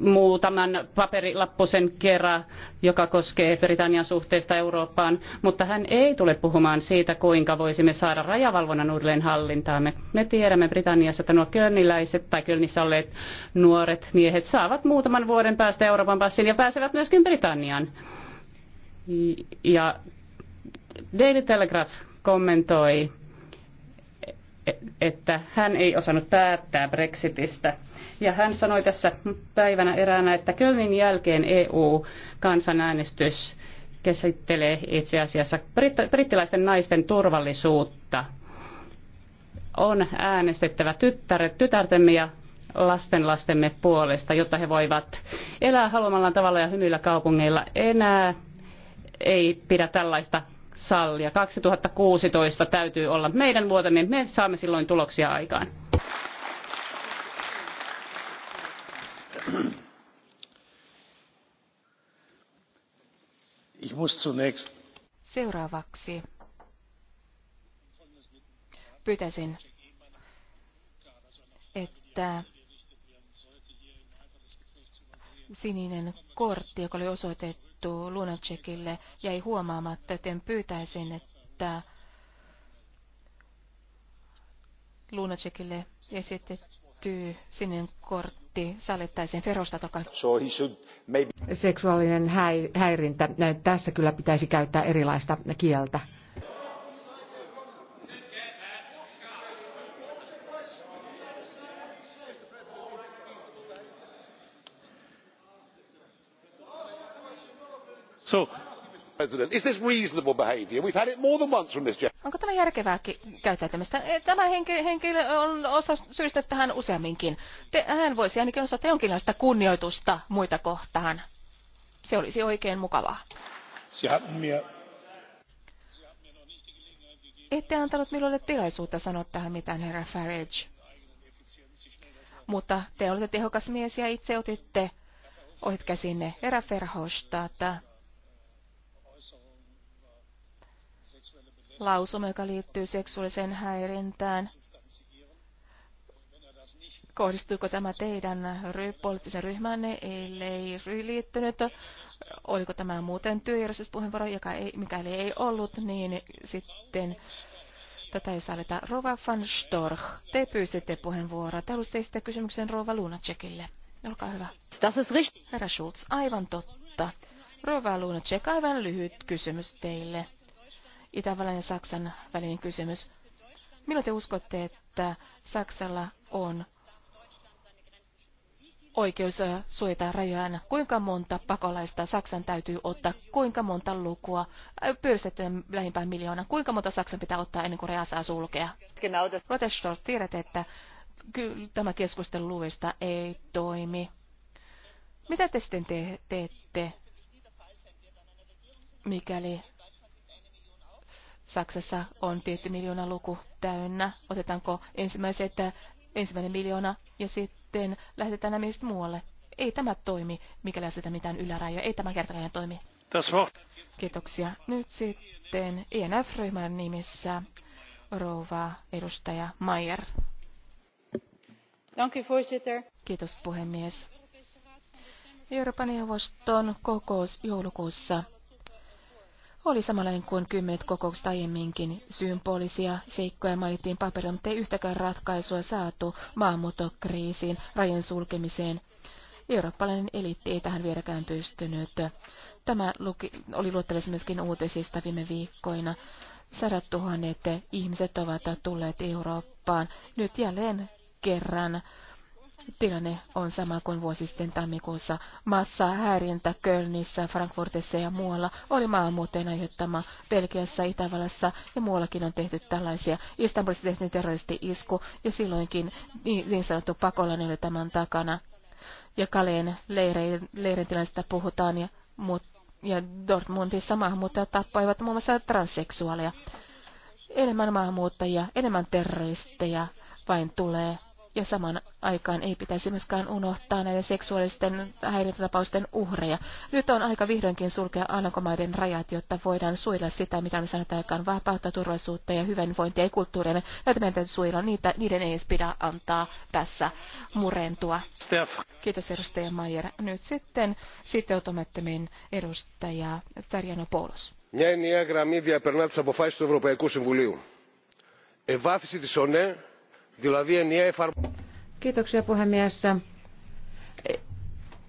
muutaman paperilappusen kerran, joka koskee Britannian suhteesta Eurooppaan. Mutta hän ei tule puhumaan siitä, kuinka voisimme saada rajavalvonnan uudelleen hallintaamme. Me tiedämme Britanniassa, että nuo kölniläiset tai kölnissä olleet nuoret miehet saavat muutaman vuoden päästä Euroopan passin ja pääsevät myöskin Britanniaan. Ja Daily Telegraph kommentoi, että hän ei osannut päättää Brexitistä. Ja hän sanoi tässä päivänä eräänä, että Kölnin jälkeen EU-kansanäänestys käsittelee itse asiassa brittiläisten naisten turvallisuutta. On äänestettävä tyttäret, tytärtemme ja lastenlastemme puolesta, jotta he voivat elää haluamallaan tavalla ja hymyillä kaupungeilla enää ei pidä tällaista sallia. 2016 täytyy olla meidän vuotemme, me saamme silloin tuloksia aikaan. Seuraavaksi pyytäisin, että sininen kortti, joka oli osoitettu annettu Lunacekille jäi huomaamatta, joten pyytäisin, että Lunacekille esitetty sininen kortti sallittaisiin ferostatoka. So maybe... Seksuaalinen häirintä. Tässä kyllä pitäisi käyttää erilaista kieltä. Is this reasonable had it more than once from this Onko tämä järkevää käyttäytymistä? Eh, tämä henkilö, on osa syystä tähän useamminkin. hän voisi ainakin osata jonkinlaista kunnioitusta muita kohtaan. Se olisi oikein mukavaa. Ette antanut minulle tilaisuutta sanoa tähän mitään, herra Farage. Mutta te olette tehokas mies ja itse otitte ohit käsinne herra Verhofstadt lausuma, joka liittyy seksuaaliseen häirintään. Kohdistuiko tämä teidän ry- poliittisen ryhmänne, ellei ry liittynyt? Oliko tämä muuten työjärjestyspuheenvuoro, joka ei, mikäli ei ollut, niin sitten tätä ei saa Rova van Storch, te pyysitte puheenvuoroa. Te haluaisitte esittää kysymyksen Rova Lunacekille. Olkaa hyvä. Herra Schulz, aivan totta. Rova Lunacek, aivan lyhyt kysymys teille. Itävallan ja Saksan välinen kysymys. Milloin te uskotte, että Saksalla on oikeus äh, suojata rajojaan? Kuinka monta pakolaista Saksan täytyy ottaa? Kuinka monta lukua? Äh, pyöristettyä lähimpään miljoonaa? Kuinka monta Saksan pitää ottaa ennen kuin raja saa sulkea? Rotestol, tiedät, että kyllä tämä keskustelu luvista ei toimi. Mitä te sitten te- teette, mikäli Saksassa on tietty miljoona luku täynnä. Otetaanko ensimmäiset, ensimmäinen miljoona ja sitten lähetetään nämä ihmiset muualle. Ei tämä toimi, mikäli aseta mitään ylärajoja. Ei tämä kertakaan toimi. Kiitoksia. Nyt sitten INF-ryhmän e nimissä rouva edustaja Mayer. Kiitos puhemies. Euroopan neuvoston kokous joulukuussa oli samanlainen kuin kymmenet kokoukset aiemminkin. Symbolisia seikkoja mainittiin paperilla, mutta ei yhtäkään ratkaisua saatu maahanmuuttokriisiin, rajan sulkemiseen. Eurooppalainen eliitti ei tähän vieläkään pystynyt. Tämä luki, oli luettavissa myöskin uutisista viime viikkoina. Sadat tuhannet ihmiset ovat tulleet Eurooppaan. Nyt jälleen kerran Tilanne on sama kuin vuosi sitten tammikuussa. Massa häirintä Kölnissä, Frankfurtissa ja muualla oli maahanmuuttajien aiheuttama. Belgiassa, Itävallassa ja muuallakin on tehty tällaisia. Istanbulissa tehtiin terroristi-isku ja silloinkin niin, niin sanottu pakolainen oli tämän takana. Ja Kaleen leirin, leirin tilanteesta puhutaan ja, mut, ja Dortmundissa maahanmuuttajat tappoivat muun muassa transseksuaaleja. Enemmän maahanmuuttajia, enemmän terroristeja vain tulee ja samaan aikaan ei pitäisi myöskään unohtaa näiden seksuaalisten häirintätapausten uhreja. Nyt on aika vihdoinkin sulkea alankomaiden rajat, jotta voidaan suojella sitä, mitä me sanotaan aikaan vapautta, turvallisuutta ja hyvinvointia ja kulttuuriamme. Näitä meidän täytyy suojella, niitä, niiden ei edes pidä antaa tässä murentua. Kiitos edustaja Mayer. Nyt sitten sitoutumattomin edustaja Tarjano Poulos. Μια ενιαία γραμμή διαπερνά τι αποφάσει του Ευρωπαϊκού Συμβουλίου. Ευάθυνση τη ΩΝΕ Kiitoksia puhemies.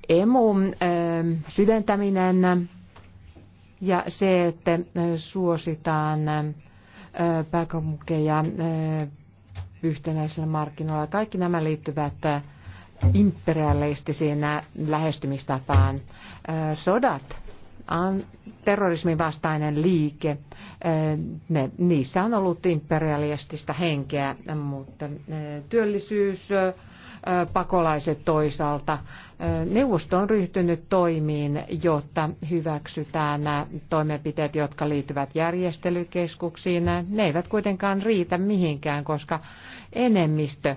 Emun ähm, syventäminen ja se, että äh, suositaan äh, pääkaupunkeja äh, yhtenäisillä markkinoilla. Kaikki nämä liittyvät imperialistisiin lähestymistapaan. Sodat terrorismin vastainen liike, äh, ne, niissä on ollut imperialistista henkeä, mutta äh, työllisyys, äh, pakolaiset toisaalta. Neuvosto on ryhtynyt toimiin, jotta hyväksytään nämä toimenpiteet, jotka liittyvät järjestelykeskuksiin. Ne eivät kuitenkaan riitä mihinkään, koska enemmistö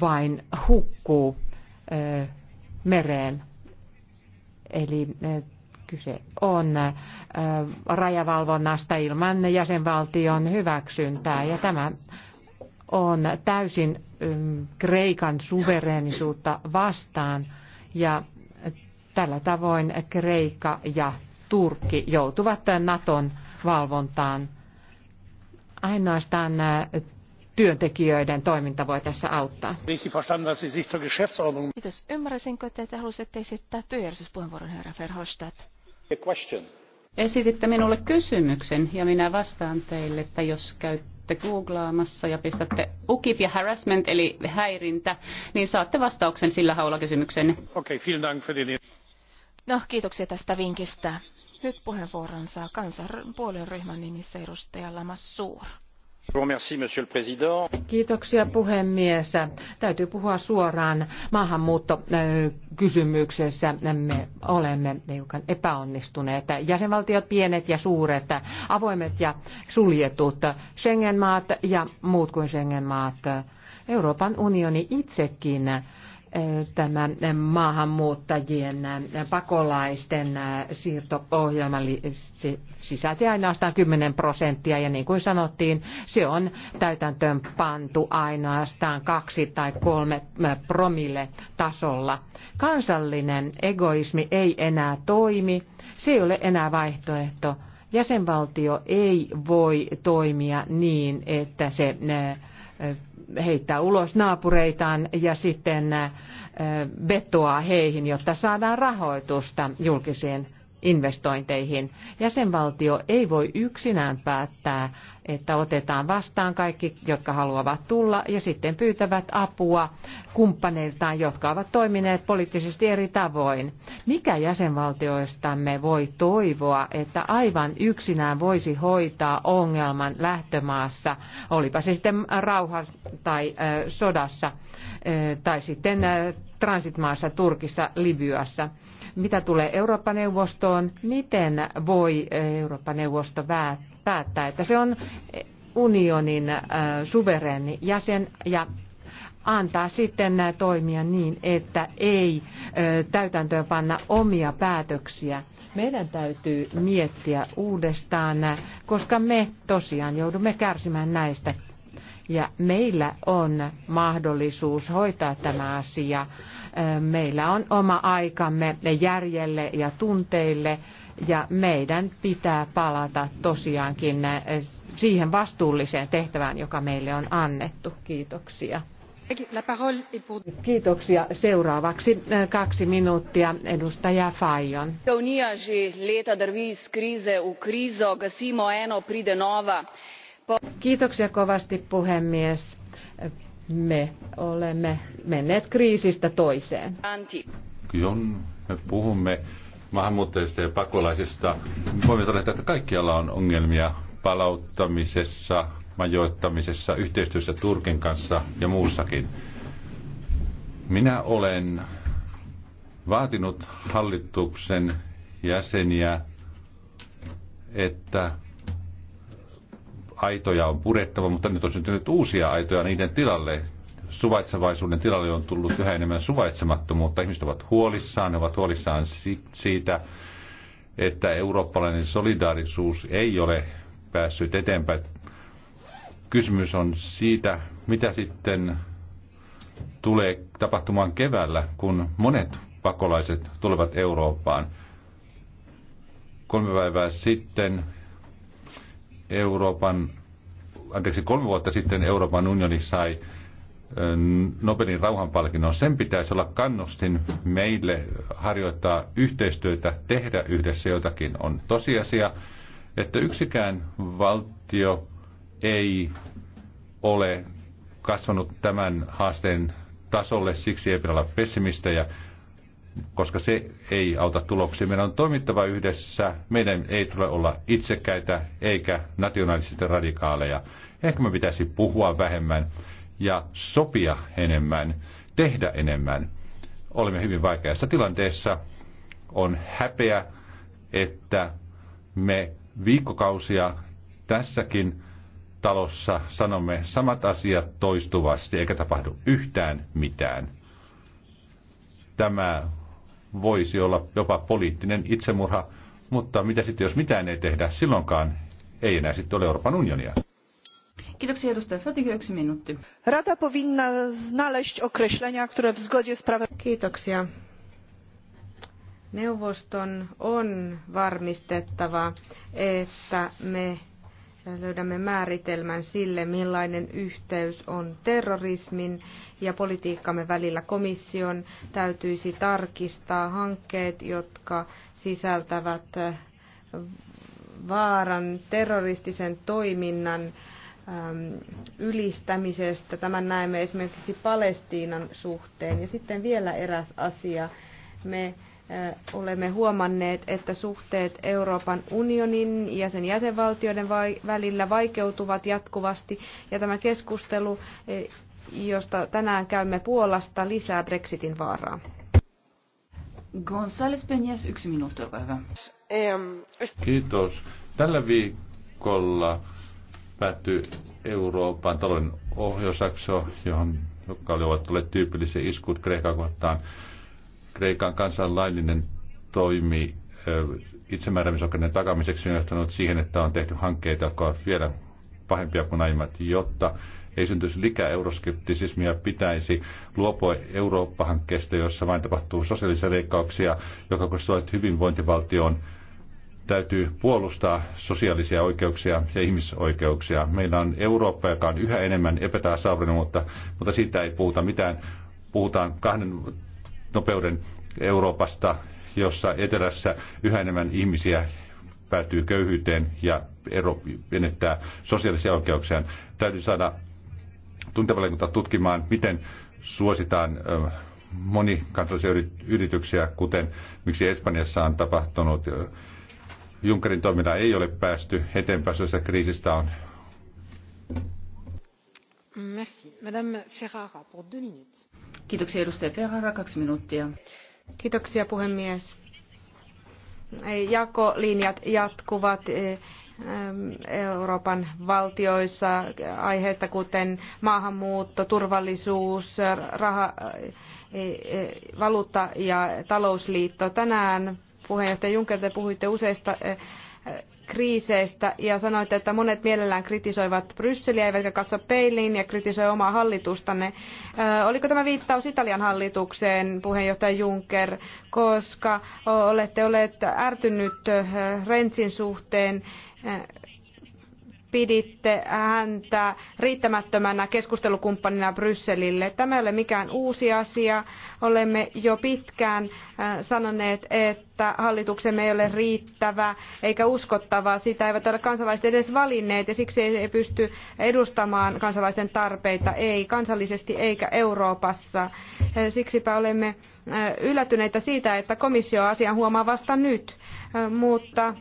vain hukkuu mereen. Eli Kyse on rajavalvonnasta ilman jäsenvaltion hyväksyntää ja tämä on täysin Kreikan suvereenisuutta vastaan ja tällä tavoin Kreikka ja Turkki joutuvat Naton valvontaan. Ainoastaan työntekijöiden toiminta voi tässä auttaa. Kiitos. Ymmärsinkö, että te halusitte esittää työjärjestyspuheenvuoron, herra Verhofstadt? Esititte minulle kysymyksen ja minä vastaan teille, että jos käytte googlaamassa ja pistätte UKIP ja harassment eli häirintä, niin saatte vastauksen sillä haulla kysymyksenne. Okei, okay, dank No, kiitoksia tästä vinkistä. Nyt puheenvuoron saa kansanpuolen ryhmän nimissä edustaja massuur. Suur. Kiitoksia puhemies. Täytyy puhua suoraan maahanmuuttokysymyksessä. Me olemme hiukan epäonnistuneet. Jäsenvaltiot pienet ja suuret, avoimet ja suljetut, Schengen-maat ja muut kuin Schengen-maat. Euroopan unioni itsekin tämä maahanmuuttajien pakolaisten siirtoohjelma sisälti ainoastaan 10 prosenttia ja niin kuin sanottiin, se on täytäntöön pantu ainoastaan kaksi tai kolme promille tasolla. Kansallinen egoismi ei enää toimi, se ei ole enää vaihtoehto. Jäsenvaltio ei voi toimia niin, että se heittää ulos naapureitaan ja sitten eh, vetoaa heihin, jotta saadaan rahoitusta julkisiin investointeihin. Jäsenvaltio ei voi yksinään päättää, että otetaan vastaan kaikki, jotka haluavat tulla, ja sitten pyytävät apua kumppaneiltaan, jotka ovat toimineet poliittisesti eri tavoin. Mikä jäsenvaltioistamme voi toivoa, että aivan yksinään voisi hoitaa ongelman lähtömaassa, olipa se sitten rauha tai sodassa, tai sitten transitmaassa Turkissa, Libyassa? Mitä tulee Eurooppa-neuvostoon, miten voi eh, Eurooppa-neuvosto päättää, että se on unionin eh, suvereeni jäsen ja antaa sitten eh, toimia niin, että ei täytäntöön panna omia päätöksiä. Meidän täytyy miettiä uudestaan, koska me tosiaan joudumme kärsimään näistä ja meillä on mahdollisuus hoitaa tämä asia. Meillä on oma aikamme järjelle ja tunteille ja meidän pitää palata tosiaankin siihen vastuulliseen tehtävään, joka meille on annettu. Kiitoksia. Kiitoksia. Seuraavaksi kaksi minuuttia edustaja Fajon. že leta drvi iz krize krizo, gasimo eno, pride nova Kiitoksia kovasti puhemies. Me olemme menneet kriisistä toiseen. Kun me puhumme maahanmuuttajista ja pakolaisista, voimme todeta, että kaikkialla on ongelmia palauttamisessa, majoittamisessa, yhteistyössä Turkin kanssa ja muussakin. Minä olen vaatinut hallituksen jäseniä, että aitoja on purettava, mutta nyt on syntynyt uusia aitoja niiden tilalle. Suvaitsevaisuuden tilalle on tullut yhä enemmän suvaitsemattomuutta. Ihmiset ovat huolissaan, ne ovat huolissaan siitä, että eurooppalainen solidaarisuus ei ole päässyt eteenpäin. Kysymys on siitä, mitä sitten tulee tapahtumaan keväällä, kun monet pakolaiset tulevat Eurooppaan. Kolme päivää sitten Euroopan, anteeksi, kolme vuotta sitten Euroopan unioni sai Nobelin rauhanpalkinnon. Sen pitäisi olla kannustin meille harjoittaa yhteistyötä, tehdä yhdessä jotakin. On tosiasia, että yksikään valtio ei ole kasvanut tämän haasteen tasolle, siksi ei pidä olla pessimistejä koska se ei auta tuloksia. Meidän on toimittava yhdessä, meidän ei tule olla itsekäitä eikä nationaalisesti radikaaleja. Ehkä me pitäisi puhua vähemmän ja sopia enemmän, tehdä enemmän. Olemme hyvin vaikeassa tilanteessa. On häpeä, että me viikkokausia tässäkin talossa sanomme samat asiat toistuvasti eikä tapahdu yhtään mitään. Tämä voisi olla jopa poliittinen itsemurha, mutta mitä sitten, jos mitään ei tehdä, silloinkaan ei enää sitten ole Euroopan unionia. Kiitoksia edustaja Fotiga, yksi minuutti. Rada powinna znaleźć określenia, które w zgodzie z prawem... Kiitoksia. Neuvoston on varmistettava, että me löydämme määritelmän sille, millainen yhteys on terrorismin ja politiikkamme välillä. Komission täytyisi tarkistaa hankkeet, jotka sisältävät vaaran terroristisen toiminnan ylistämisestä. Tämän näemme esimerkiksi Palestiinan suhteen. Ja sitten vielä eräs asia. Me olemme huomanneet, että suhteet Euroopan unionin ja sen jäsenvaltioiden välillä vaikeutuvat jatkuvasti. Ja tämä keskustelu, josta tänään käymme Puolasta, lisää Brexitin vaaraa. González Peñas, yksi minuutti, olkaa hyvä. Ähm, Kiitos. Tällä viikolla päättyi Euroopan talouden ohjausjakso, johon, joka olivat olleet tyypillisiä iskut Kreikkaa kohtaan Kreikan kansanlaillinen toimi itsemääräämisoikeuden takamiseksi on johtanut siihen, että on tehty hankkeita, jotka ovat vielä pahempia kuin aiemmat, jotta ei syntyisi likää euroskeptisismia, pitäisi luopua Eurooppa-hankkeesta, jossa vain tapahtuu sosiaalisia leikkauksia, joka koskevat hyvinvointivaltioon. Täytyy puolustaa sosiaalisia oikeuksia ja ihmisoikeuksia. Meillä on Eurooppa, joka on yhä enemmän epätasa mutta, mutta siitä ei puhuta mitään. Puhutaan kahden nopeuden Euroopasta, jossa etelässä yhä enemmän ihmisiä päätyy köyhyyteen ja ero, menettää sosiaalisia oikeuksiaan. Täytyy saada tuntevaliokunta tutkimaan, miten suositaan monikansallisia yrityksiä, kuten miksi Espanjassa on tapahtunut. Junckerin toiminta ei ole päästy eteenpäin, kriisistä on Kiitoksia Ferrara, puhemies. Jakolinjat jatkuvat eh, eh, Euroopan valtioissa aiheista kuten maahanmuutto, turvallisuus, raha, eh, valuutta ja talousliitto. Tänään puheenjohtaja Juncker, te puhuitte useista kriiseistä ja sanoitte, että monet mielellään kritisoivat Brysseliä eivätkä katso peiliin ja kritisoi omaa hallitustanne. Oliko tämä viittaus Italian hallitukseen, puheenjohtaja Juncker, koska olette olleet ärtynyt Rensin suhteen? piditte häntä riittämättömänä keskustelukumppanina Brysselille. Tämä ei ole mikään uusi asia. Olemme jo pitkään äh, sanoneet, että hallituksemme ei ole riittävä eikä uskottava. Sitä eivät ole kansalaiset edes valinneet ja siksi ei pysty edustamaan kansalaisten tarpeita, ei kansallisesti eikä Euroopassa. Äh, siksipä olemme äh, yllätyneitä siitä, että komissio asian huomaa vasta nyt, mutta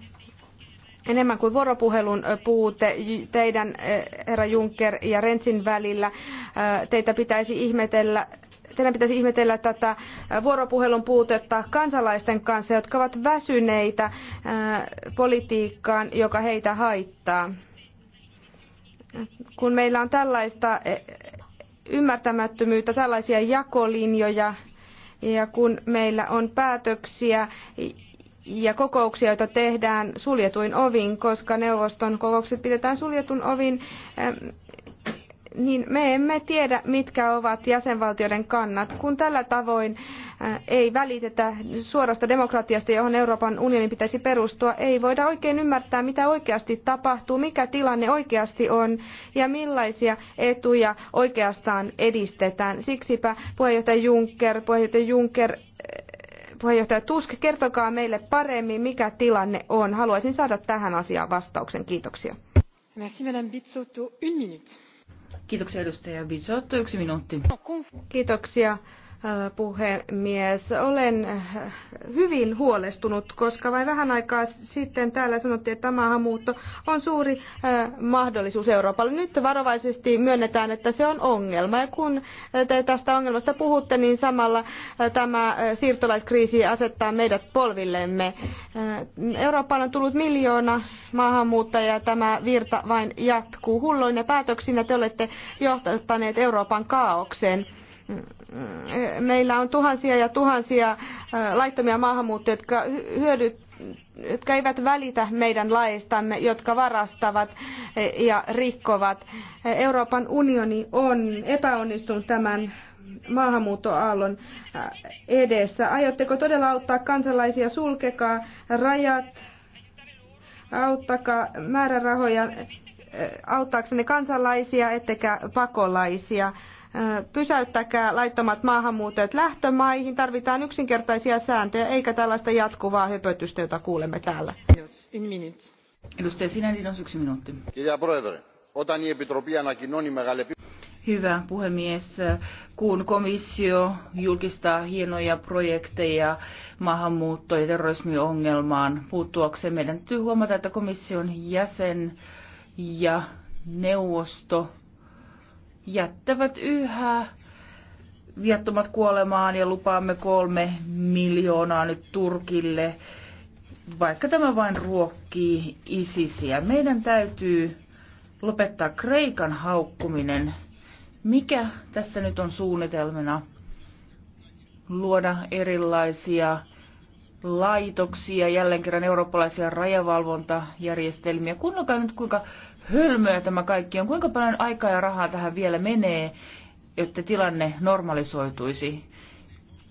enemmän kuin vuoropuhelun puute teidän, herra Juncker ja Rensin välillä. Teitä pitäisi ihmetellä teidän pitäisi ihmetellä tätä vuoropuhelun puutetta kansalaisten kanssa, jotka ovat väsyneitä politiikkaan, joka heitä haittaa. Kun meillä on tällaista ymmärtämättömyyttä, tällaisia jakolinjoja, ja kun meillä on päätöksiä, ja kokouksia, joita tehdään suljetuin ovin, koska neuvoston kokoukset pidetään suljetun ovin, ähm, niin me emme tiedä, mitkä ovat jäsenvaltioiden kannat, kun tällä tavoin äh, ei välitetä suorasta demokratiasta, johon Euroopan unionin pitäisi perustua. Ei voida oikein ymmärtää, mitä oikeasti tapahtuu, mikä tilanne oikeasti on ja millaisia etuja oikeastaan edistetään. Siksipä puheenjohtaja Juncker, puheenjohtaja Juncker puheenjohtaja Tusk, kertokaa meille paremmin, mikä tilanne on. Haluaisin saada tähän asiaan vastauksen. Kiitoksia. Merci, Madame Bizzotto. Une minute. Kiitoksia edustaja Bizzotto. Yksi minuutti. Kiitoksia. Äh, puhemies. Olen äh, hyvin huolestunut, koska vain vähän aikaa sitten täällä sanottiin, että tämä on suuri äh, mahdollisuus Euroopalle. Nyt varovaisesti myönnetään, että se on ongelma. Ja kun te tästä ongelmasta puhutte, niin samalla tämä siirtolaiskriisi asettaa meidät polvillemme. Eurooppaan on tullut miljoona maahanmuuttajaa ja tämä virta vain jatkuu. Hulloin ja päätöksinä te olette johtaneet Euroopan kaaukseen Mm, mm, meillä on tuhansia ja tuhansia äh, laittomia maahanmuuttajia, jotka hyödyt jotka eivät välitä meidän laistamme, jotka varastavat eh, ja rikkovat. Eh, Euroopan unioni on epäonnistunut tämän maahanmuuttoaallon äh, edessä. Aiotteko todella auttaa kansalaisia? Sulkekaa rajat, auttakaa määrärahoja eh, auttaaksenne kansalaisia ettekä pakolaisia pysäyttäkää laittomat maahanmuuttajat lähtömaihin. Tarvitaan yksinkertaisia sääntöjä eikä tällaista jatkuvaa höpötystä, jota kuulemme täällä. Edustaja Sinälinos, yksi minuutti. Niin, Hyvä puhemies. Kun komissio julkistaa hienoja projekteja maahanmuutto- ja terrorismiongelmaan puuttuakseen, meidän täytyy huomata, että komission jäsen ja neuvosto jättävät yhä viattomat kuolemaan ja lupaamme kolme miljoonaa nyt Turkille, vaikka tämä vain ruokkii isisiä. Meidän täytyy lopettaa Kreikan haukkuminen. Mikä tässä nyt on suunnitelmana? Luoda erilaisia laitoksia, jälleen kerran eurooppalaisia rajavalvontajärjestelmiä. Kuunnelkaa nyt, kuinka hölmöä tämä kaikki on. Kuinka paljon aikaa ja rahaa tähän vielä menee, jotta tilanne normalisoituisi?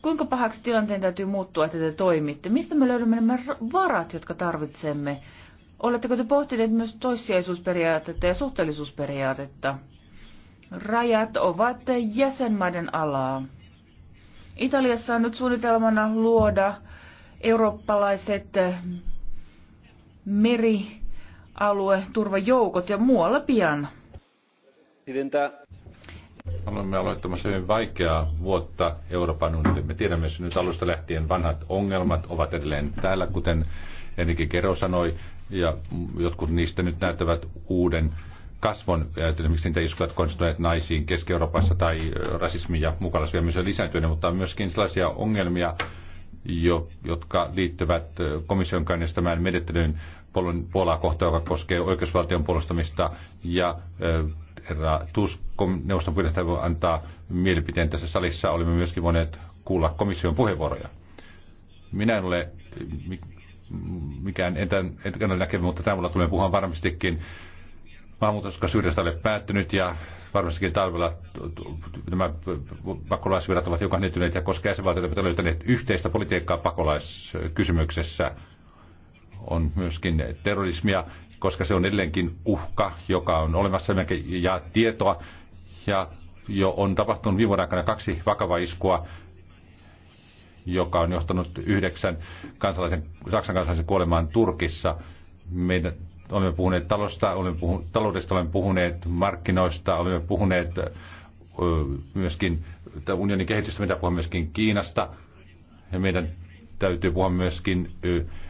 Kuinka pahaksi tilanteen täytyy muuttua, että te toimitte? Mistä me löydämme nämä varat, jotka tarvitsemme? Oletteko te pohtineet myös toissijaisuusperiaatetta ja suhteellisuusperiaatetta? Rajat ovat jäsenmaiden alaa. Italiassa on nyt suunnitelmana luoda eurooppalaiset eh, meri alueturvajoukot ja muualla pian. Olemme aloittamassa hyvin vaikeaa vuotta Euroopan unionille. Me tiedämme, että nyt alusta lähtien vanhat ongelmat ovat edelleen täällä, kuten ennenkin Kero sanoi, ja jotkut niistä nyt näyttävät uuden kasvon, esimerkiksi niitä iskut kohdistuneet naisiin Keski-Euroopassa tai rasismi ja myös lisääntyneen, mutta on myöskin sellaisia ongelmia, jo, jotka liittyvät komission käynnistämään menettelyyn Puolaa kohta, joka koskee oikeusvaltion puolustamista ja herra Tusk, neuvoston puheenjohtaja voi antaa mielipiteen tässä salissa. Olimme myöskin voineet kuulla komission puheenvuoroja. Minä en ole mikään etänä näkevä, mutta tämä tulee puhua varmastikin maahanmuutos, koska Syyriasta ole päättynyt ja varmastikin talvella nämä pakolaisvirat ovat hiukan ja koska jäsenvaltiot ovat löytäneet yhteistä politiikkaa pakolaiskysymyksessä on myöskin terrorismia, koska se on edelleenkin uhka, joka on olemassa ja tietoa. Ja jo on tapahtunut viime vuoden aikana kaksi vakavaa iskua, joka on johtanut yhdeksän kansalaisen, Saksan kansalaisen kuolemaan Turkissa. Meidän olemme puhuneet talosta, olemme puhuneet, taloudesta, olemme puhuneet markkinoista, olemme puhuneet myöskin unionin kehitystä, mitä puhumme myöskin Kiinasta. Ja meidän täytyy puhua myöskin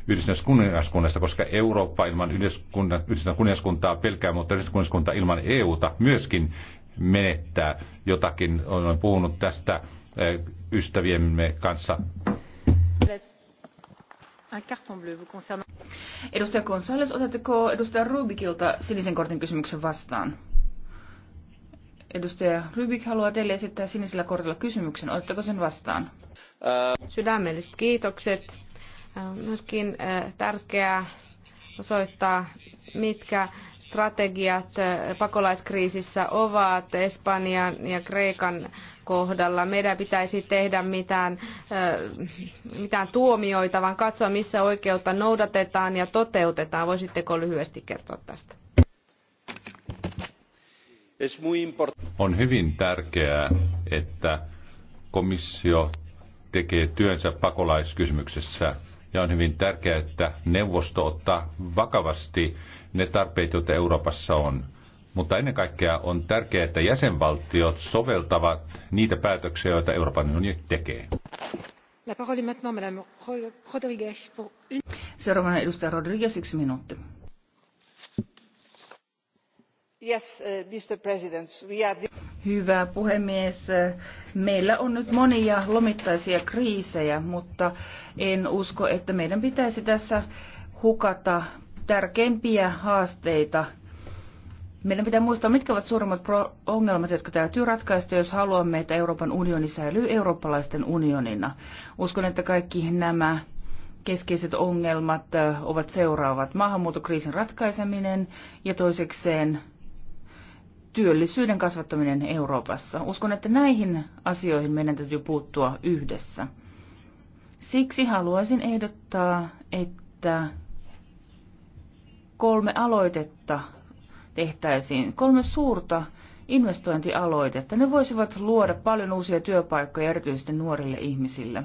yhdistyneestä kuningaskunnasta, koska Eurooppa ilman yhdistyneestä kuningaskuntaa pelkää, mutta yhdistyneestä ilman EUta myöskin menettää jotakin. Olen puhunut tästä ystäviemme kanssa. Edustaja Gonzales, otatteko edustaja Rubikilta sinisen kortin kysymyksen vastaan? Edustaja Rybik haluaa teille esittää sinisellä kortilla kysymyksen. Ottaako sen vastaan? Äh. Sydämelliset kiitokset. On äh, myöskin äh, tärkeää osoittaa, mitkä strategiat pakolaiskriisissä ovat Espanjan ja Kreikan kohdalla. Meidän pitäisi tehdä mitään, mitään tuomioita, vaan katsoa, missä oikeutta noudatetaan ja toteutetaan. Voisitteko lyhyesti kertoa tästä? On hyvin tärkeää, että komissio tekee työnsä pakolaiskysymyksessä ja on hyvin tärkeää, että neuvosto ottaa vakavasti ne tarpeet, joita Euroopassa on. Mutta ennen kaikkea on tärkeää, että jäsenvaltiot soveltavat niitä päätöksiä, joita Euroopan unioni tekee. La parole est maintenant Madame Rodriguez. Pour... Seuraavana edustaja Rodriguez, yksi minuutti. Uh, arvoisa Hyvä puhemies. Meillä on nyt monia lomittaisia kriisejä, mutta en usko, että meidän pitäisi tässä hukata tärkeimpiä haasteita. Meidän pitää muistaa, mitkä ovat suurimmat ongelmat, jotka täytyy ratkaista, jos haluamme, että Euroopan unioni säilyy eurooppalaisten unionina. Uskon, että kaikki nämä keskeiset ongelmat ovat seuraavat. Maahanmuutokriisin ratkaiseminen ja toisekseen työllisyyden kasvattaminen Euroopassa. Uskon, että näihin asioihin meidän täytyy puuttua yhdessä. Siksi haluaisin ehdottaa, että kolme aloitetta tehtäisiin, kolme suurta investointialoitetta. Ne voisivat luoda paljon uusia työpaikkoja erityisesti nuorille ihmisille.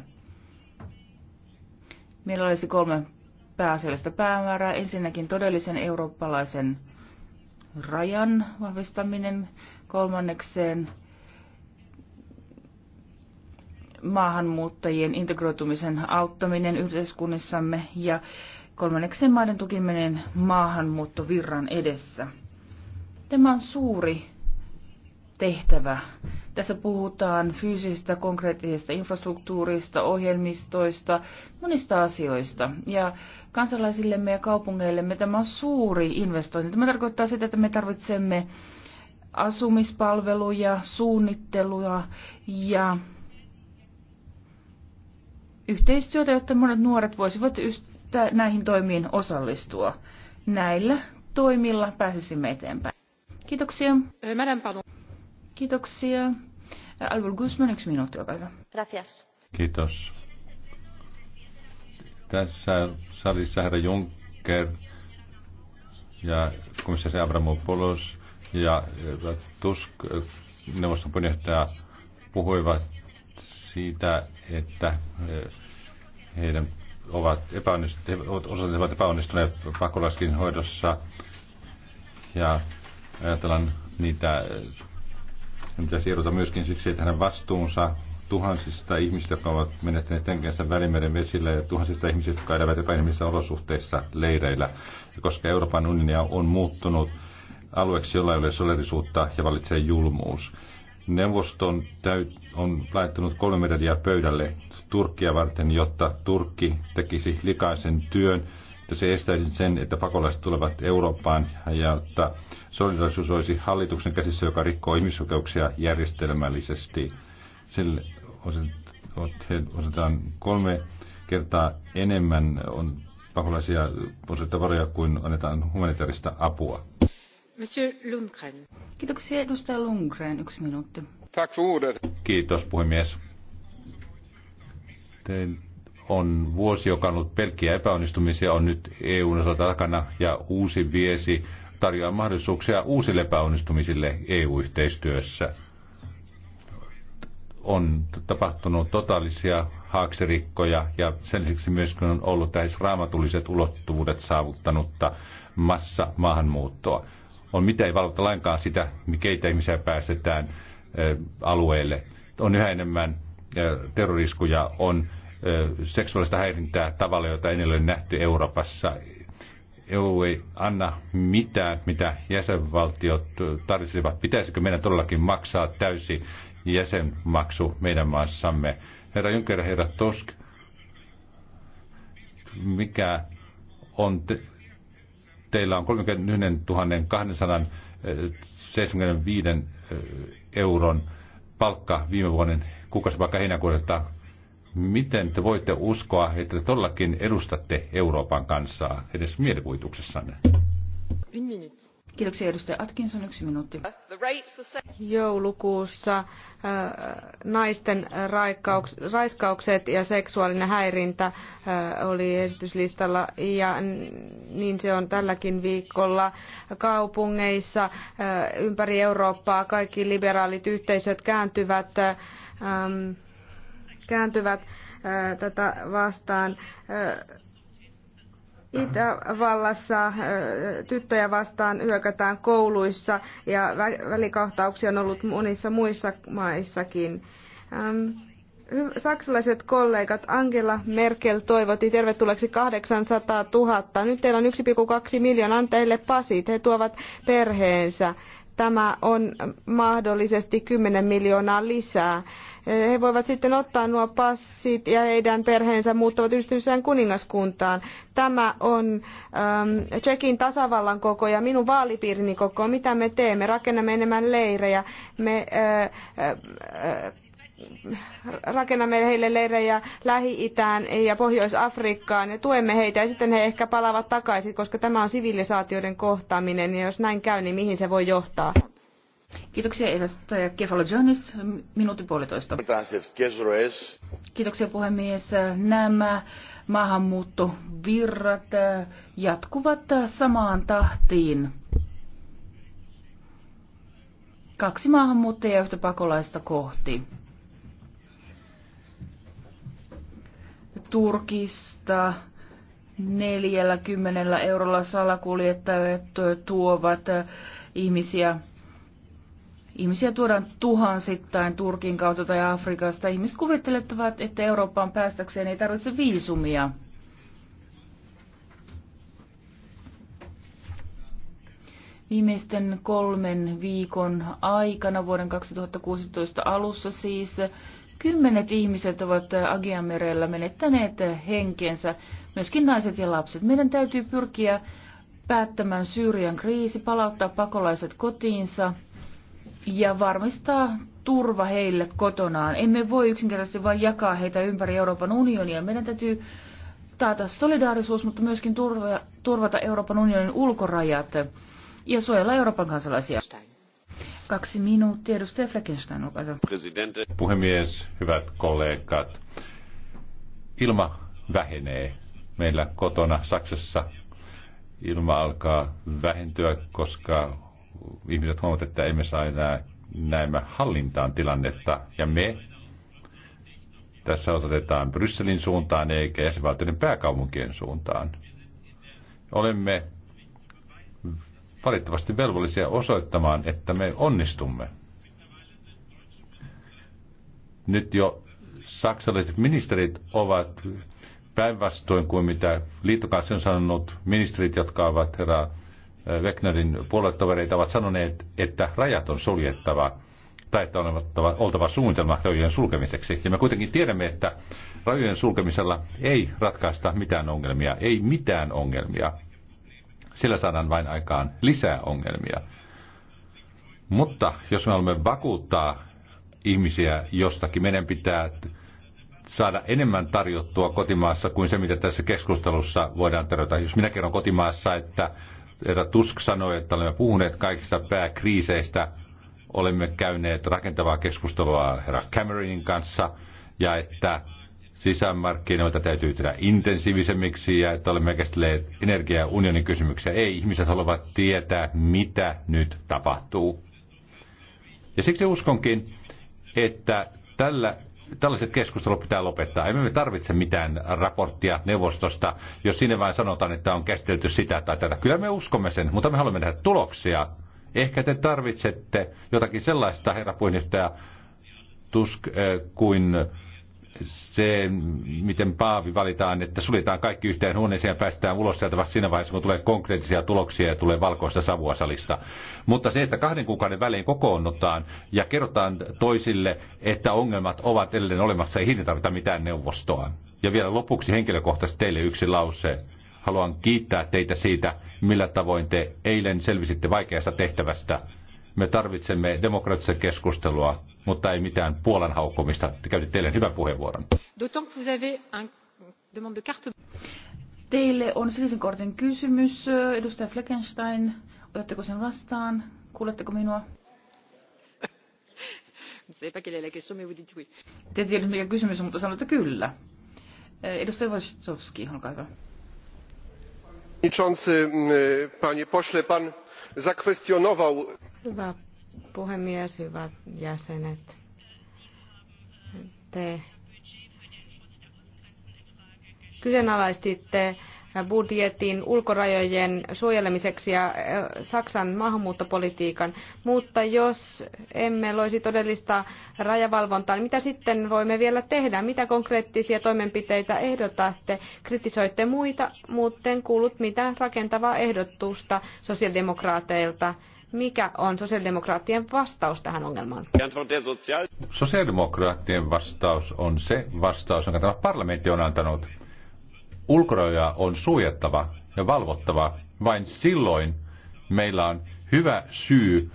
Meillä olisi kolme pääasiallista päämäärää. Ensinnäkin todellisen eurooppalaisen rajan vahvistaminen, kolmannekseen maahanmuuttajien integroitumisen auttaminen yhteiskunnissamme ja kolmannekseen maiden tukiminen maahanmuuttovirran edessä. Tämä on suuri tehtävä tässä puhutaan fyysisistä, konkreettisista infrastruktuurista, ohjelmistoista, monista asioista. Ja kansalaisillemme ja kaupungeillemme tämä on suuri investointi. Tämä tarkoittaa sitä, että me tarvitsemme asumispalveluja, suunnittelua ja yhteistyötä, jotta monet nuoret voisivat näihin toimiin osallistua. Näillä toimilla pääsisimme eteenpäin. Kiitoksia. Madame, pardon. Kiitoksia. Albert Guzman, yksi minuutti, olkaa hyvä. Gracias. Kiitos. Tässä salissa herra Juncker ja komissaari Abramopoulos ja Tusk, äh, neuvoston puheenjohtaja, puhuivat siitä, että äh, heidän ovat epäonnistuneet, osoittavat epäonnistuneet pakolaiskin hoidossa ja ajatellaan niitä äh, ja mitä siirrota myöskin siksi, että hänen vastuunsa tuhansista ihmistä, jotka ovat menettäneet henkensä Välimeren vesillä ja tuhansista ihmisistä, jotka elävät epäinhimillisissä olosuhteissa leireillä. Ja koska Euroopan unionia on muuttunut alueeksi, jolla ei ole solidisuutta ja valitsee julmuus. Neuvoston täyt, on laittanut kolme miljardia pöydälle Turkkia varten, jotta Turkki tekisi likaisen työn että se estäisi sen, että pakolaiset tulevat Eurooppaan ja että solidarisuus olisi hallituksen käsissä, joka rikkoo ihmisoikeuksia järjestelmällisesti. Sille otetaan kolme kertaa enemmän on pakolaisia varoja kuin annetaan humanitaarista apua. Monsieur Lundgren. Kiitoksia edustaja Lundgren. Yksi minuutti. Tack för ordet. Kiitos puhemies. Tein on vuosi, joka on ollut pelkkiä epäonnistumisia, on nyt EUn osalta takana ja uusi viesi tarjoaa mahdollisuuksia uusille epäonnistumisille EU-yhteistyössä. On tapahtunut totaalisia haaksirikkoja ja sen lisäksi myöskin on ollut tähän raamatulliset ulottuvuudet saavuttanutta massa maahanmuuttoa. On mitä ei valvota lainkaan sitä, keitä ihmisiä päästetään alueelle. On yhä enemmän terroriskuja, on seksuaalista häirintää tavalla, jota ei ole nähty Euroopassa. EU ei anna mitään, mitä jäsenvaltiot tarvitsevat. Pitäisikö meidän todellakin maksaa täysi jäsenmaksu meidän maassamme? Herra Juncker, herra Tosk, mikä on te, teillä on 31 275 euron palkka viime vuoden vaikka heinäkuudelta miten te voitte uskoa, että te todellakin edustatte Euroopan kansaa edes mielikuvituksessanne? Kiitoksia edustaja Atkinson, yksi minuutti. Joulukuussa äh, naisten raiskaukset ja seksuaalinen häirintä äh, oli esityslistalla ja niin se on tälläkin viikolla kaupungeissa äh, ympäri Eurooppaa. Kaikki liberaalit yhteisöt kääntyvät ähm, kääntyvät tätä vastaan. Itävallassa tyttöjä vastaan hyökätään kouluissa ja välikohtauksia on ollut monissa muissa maissakin. Saksalaiset kollegat Angela Merkel toivotti tervetulleeksi 800 000. Nyt teillä on 1,2 miljoonaa teille pasit. He tuovat perheensä. Tämä on mahdollisesti 10 miljoonaa lisää. He voivat sitten ottaa nuo passit ja heidän perheensä muuttavat yhdistyneeseen kuningaskuntaan. Tämä on ähm, Tsekin tasavallan koko ja minun vaalipiirini koko. Mitä me teemme? Rakennamme enemmän leirejä. Me, äh, äh, äh rakennamme heille leirejä Lähi-Itään ja Pohjois-Afrikkaan ja tuemme heitä ja sitten he ehkä palaavat takaisin, koska tämä on sivilisaatioiden kohtaaminen ja jos näin käy, niin mihin se voi johtaa? Kiitoksia edustaja Kefalo Jonis. Minuutin puolitoista. Kiitoksia puhemies. Nämä maahanmuuttovirrat jatkuvat samaan tahtiin. Kaksi maahanmuuttajaa yhtä pakolaista kohti. Turkista 40 eurolla salakuljettajat tuovat ihmisiä Ihmisiä tuodaan tuhansittain Turkin kautta tai Afrikasta. Ihmiset kuvittelevat, että Eurooppaan päästäkseen ei tarvitse viisumia. Viimeisten kolmen viikon aikana, vuoden 2016 alussa siis, kymmenet ihmiset ovat Agiamerellä menettäneet henkensä, myöskin naiset ja lapset. Meidän täytyy pyrkiä päättämään Syyrian kriisi, palauttaa pakolaiset kotiinsa ja varmistaa turva heille kotonaan. Emme voi yksinkertaisesti vain jakaa heitä ympäri Euroopan unionia. Meidän täytyy taata solidaarisuus, mutta myöskin turva, turvata Euroopan unionin ulkorajat ja suojella Euroopan kansalaisia. Kaksi minuuttia. Edustaja Fleckenstein, olkaa Puhemies, hyvät kollegat. Ilma vähenee meillä kotona Saksassa. Ilma alkaa vähentyä, koska ihmiset huomaat, että emme saa enää näemme hallintaan tilannetta. Ja me tässä osoitetaan Brysselin suuntaan eikä jäsenvaltioiden pääkaupunkien suuntaan. Olemme valitettavasti velvollisia osoittamaan, että me onnistumme. Nyt jo saksalaiset ministerit ovat päinvastoin kuin mitä liittokanssi on sanonut, ministerit, jotka ovat herra Wegnerin puoluetovereita ovat sanoneet, että rajat on suljettava tai että on oltava, oltava suunnitelma rajojen sulkemiseksi. Ja me kuitenkin tiedämme, että rajojen sulkemisella ei ratkaista mitään ongelmia, ei mitään ongelmia. Sillä saadaan vain aikaan lisää ongelmia. Mutta jos me olemme vakuuttaa ihmisiä jostakin, meidän pitää saada enemmän tarjottua kotimaassa kuin se, mitä tässä keskustelussa voidaan tarjota. Jos minä kerron kotimaassa, että Herra Tusk sanoi, että olemme puhuneet kaikista pääkriiseistä. Olemme käyneet rakentavaa keskustelua herra Cameronin kanssa ja että sisämarkkinoita täytyy tehdä intensiivisemmiksi ja että olemme käsitelleet energia- ja unionin kysymyksiä. Ei, ihmiset haluavat tietää, mitä nyt tapahtuu. Ja siksi uskonkin, että tällä tällaiset keskustelut pitää lopettaa. Emme me tarvitse mitään raporttia neuvostosta, jos sinne vain sanotaan, että on käsitelty sitä tai tätä. Kyllä me uskomme sen, mutta me haluamme nähdä tuloksia. Ehkä te tarvitsette jotakin sellaista, herra puheenjohtaja, tusk, eh, kuin se, miten paavi valitaan, että suljetaan kaikki yhteen huoneeseen ja päästään ulos sieltä vasta siinä vaiheessa, kun tulee konkreettisia tuloksia ja tulee valkoista savua salista. Mutta se, että kahden kuukauden välein kokoonnutaan ja kerrotaan toisille, että ongelmat ovat edelleen olemassa, ei hinta tarvita mitään neuvostoa. Ja vielä lopuksi henkilökohtaisesti teille yksi lause. Haluan kiittää teitä siitä, millä tavoin te eilen selvisitte vaikeasta tehtävästä. Me tarvitsemme demokraattista keskustelua mutta ei mitään Puolan haukkumista. käytitte teille hyvän puheenvuoron. Teille on sinisen kortin kysymys. Edustaja Fleckenstein, otatteko sen vastaan? Kuuletteko minua? Te ei tiedä, mikä kysymys on, mutta sanotte kyllä. Edustaja Wojciechowski, olkaa hyvä. Mm, panie pośle, pan zakwestionował... Hyvä puhemies, hyvät jäsenet. Te kyseenalaistitte budjetin ulkorajojen suojelemiseksi ja Saksan maahanmuuttopolitiikan. Mutta jos emme loisi todellista rajavalvontaa, niin mitä sitten voimme vielä tehdä? Mitä konkreettisia toimenpiteitä ehdotatte? Kritisoitte muita, muuten kuulut mitä rakentavaa ehdotusta sosiaalidemokraateilta. Mikä on sosiaalidemokraattien vastaus tähän ongelmaan? Sosiaalidemokraattien vastaus on se vastaus, jonka tämä parlamentti on antanut. Ulkorajoja on suojattava ja valvottava. Vain silloin meillä on hyvä syy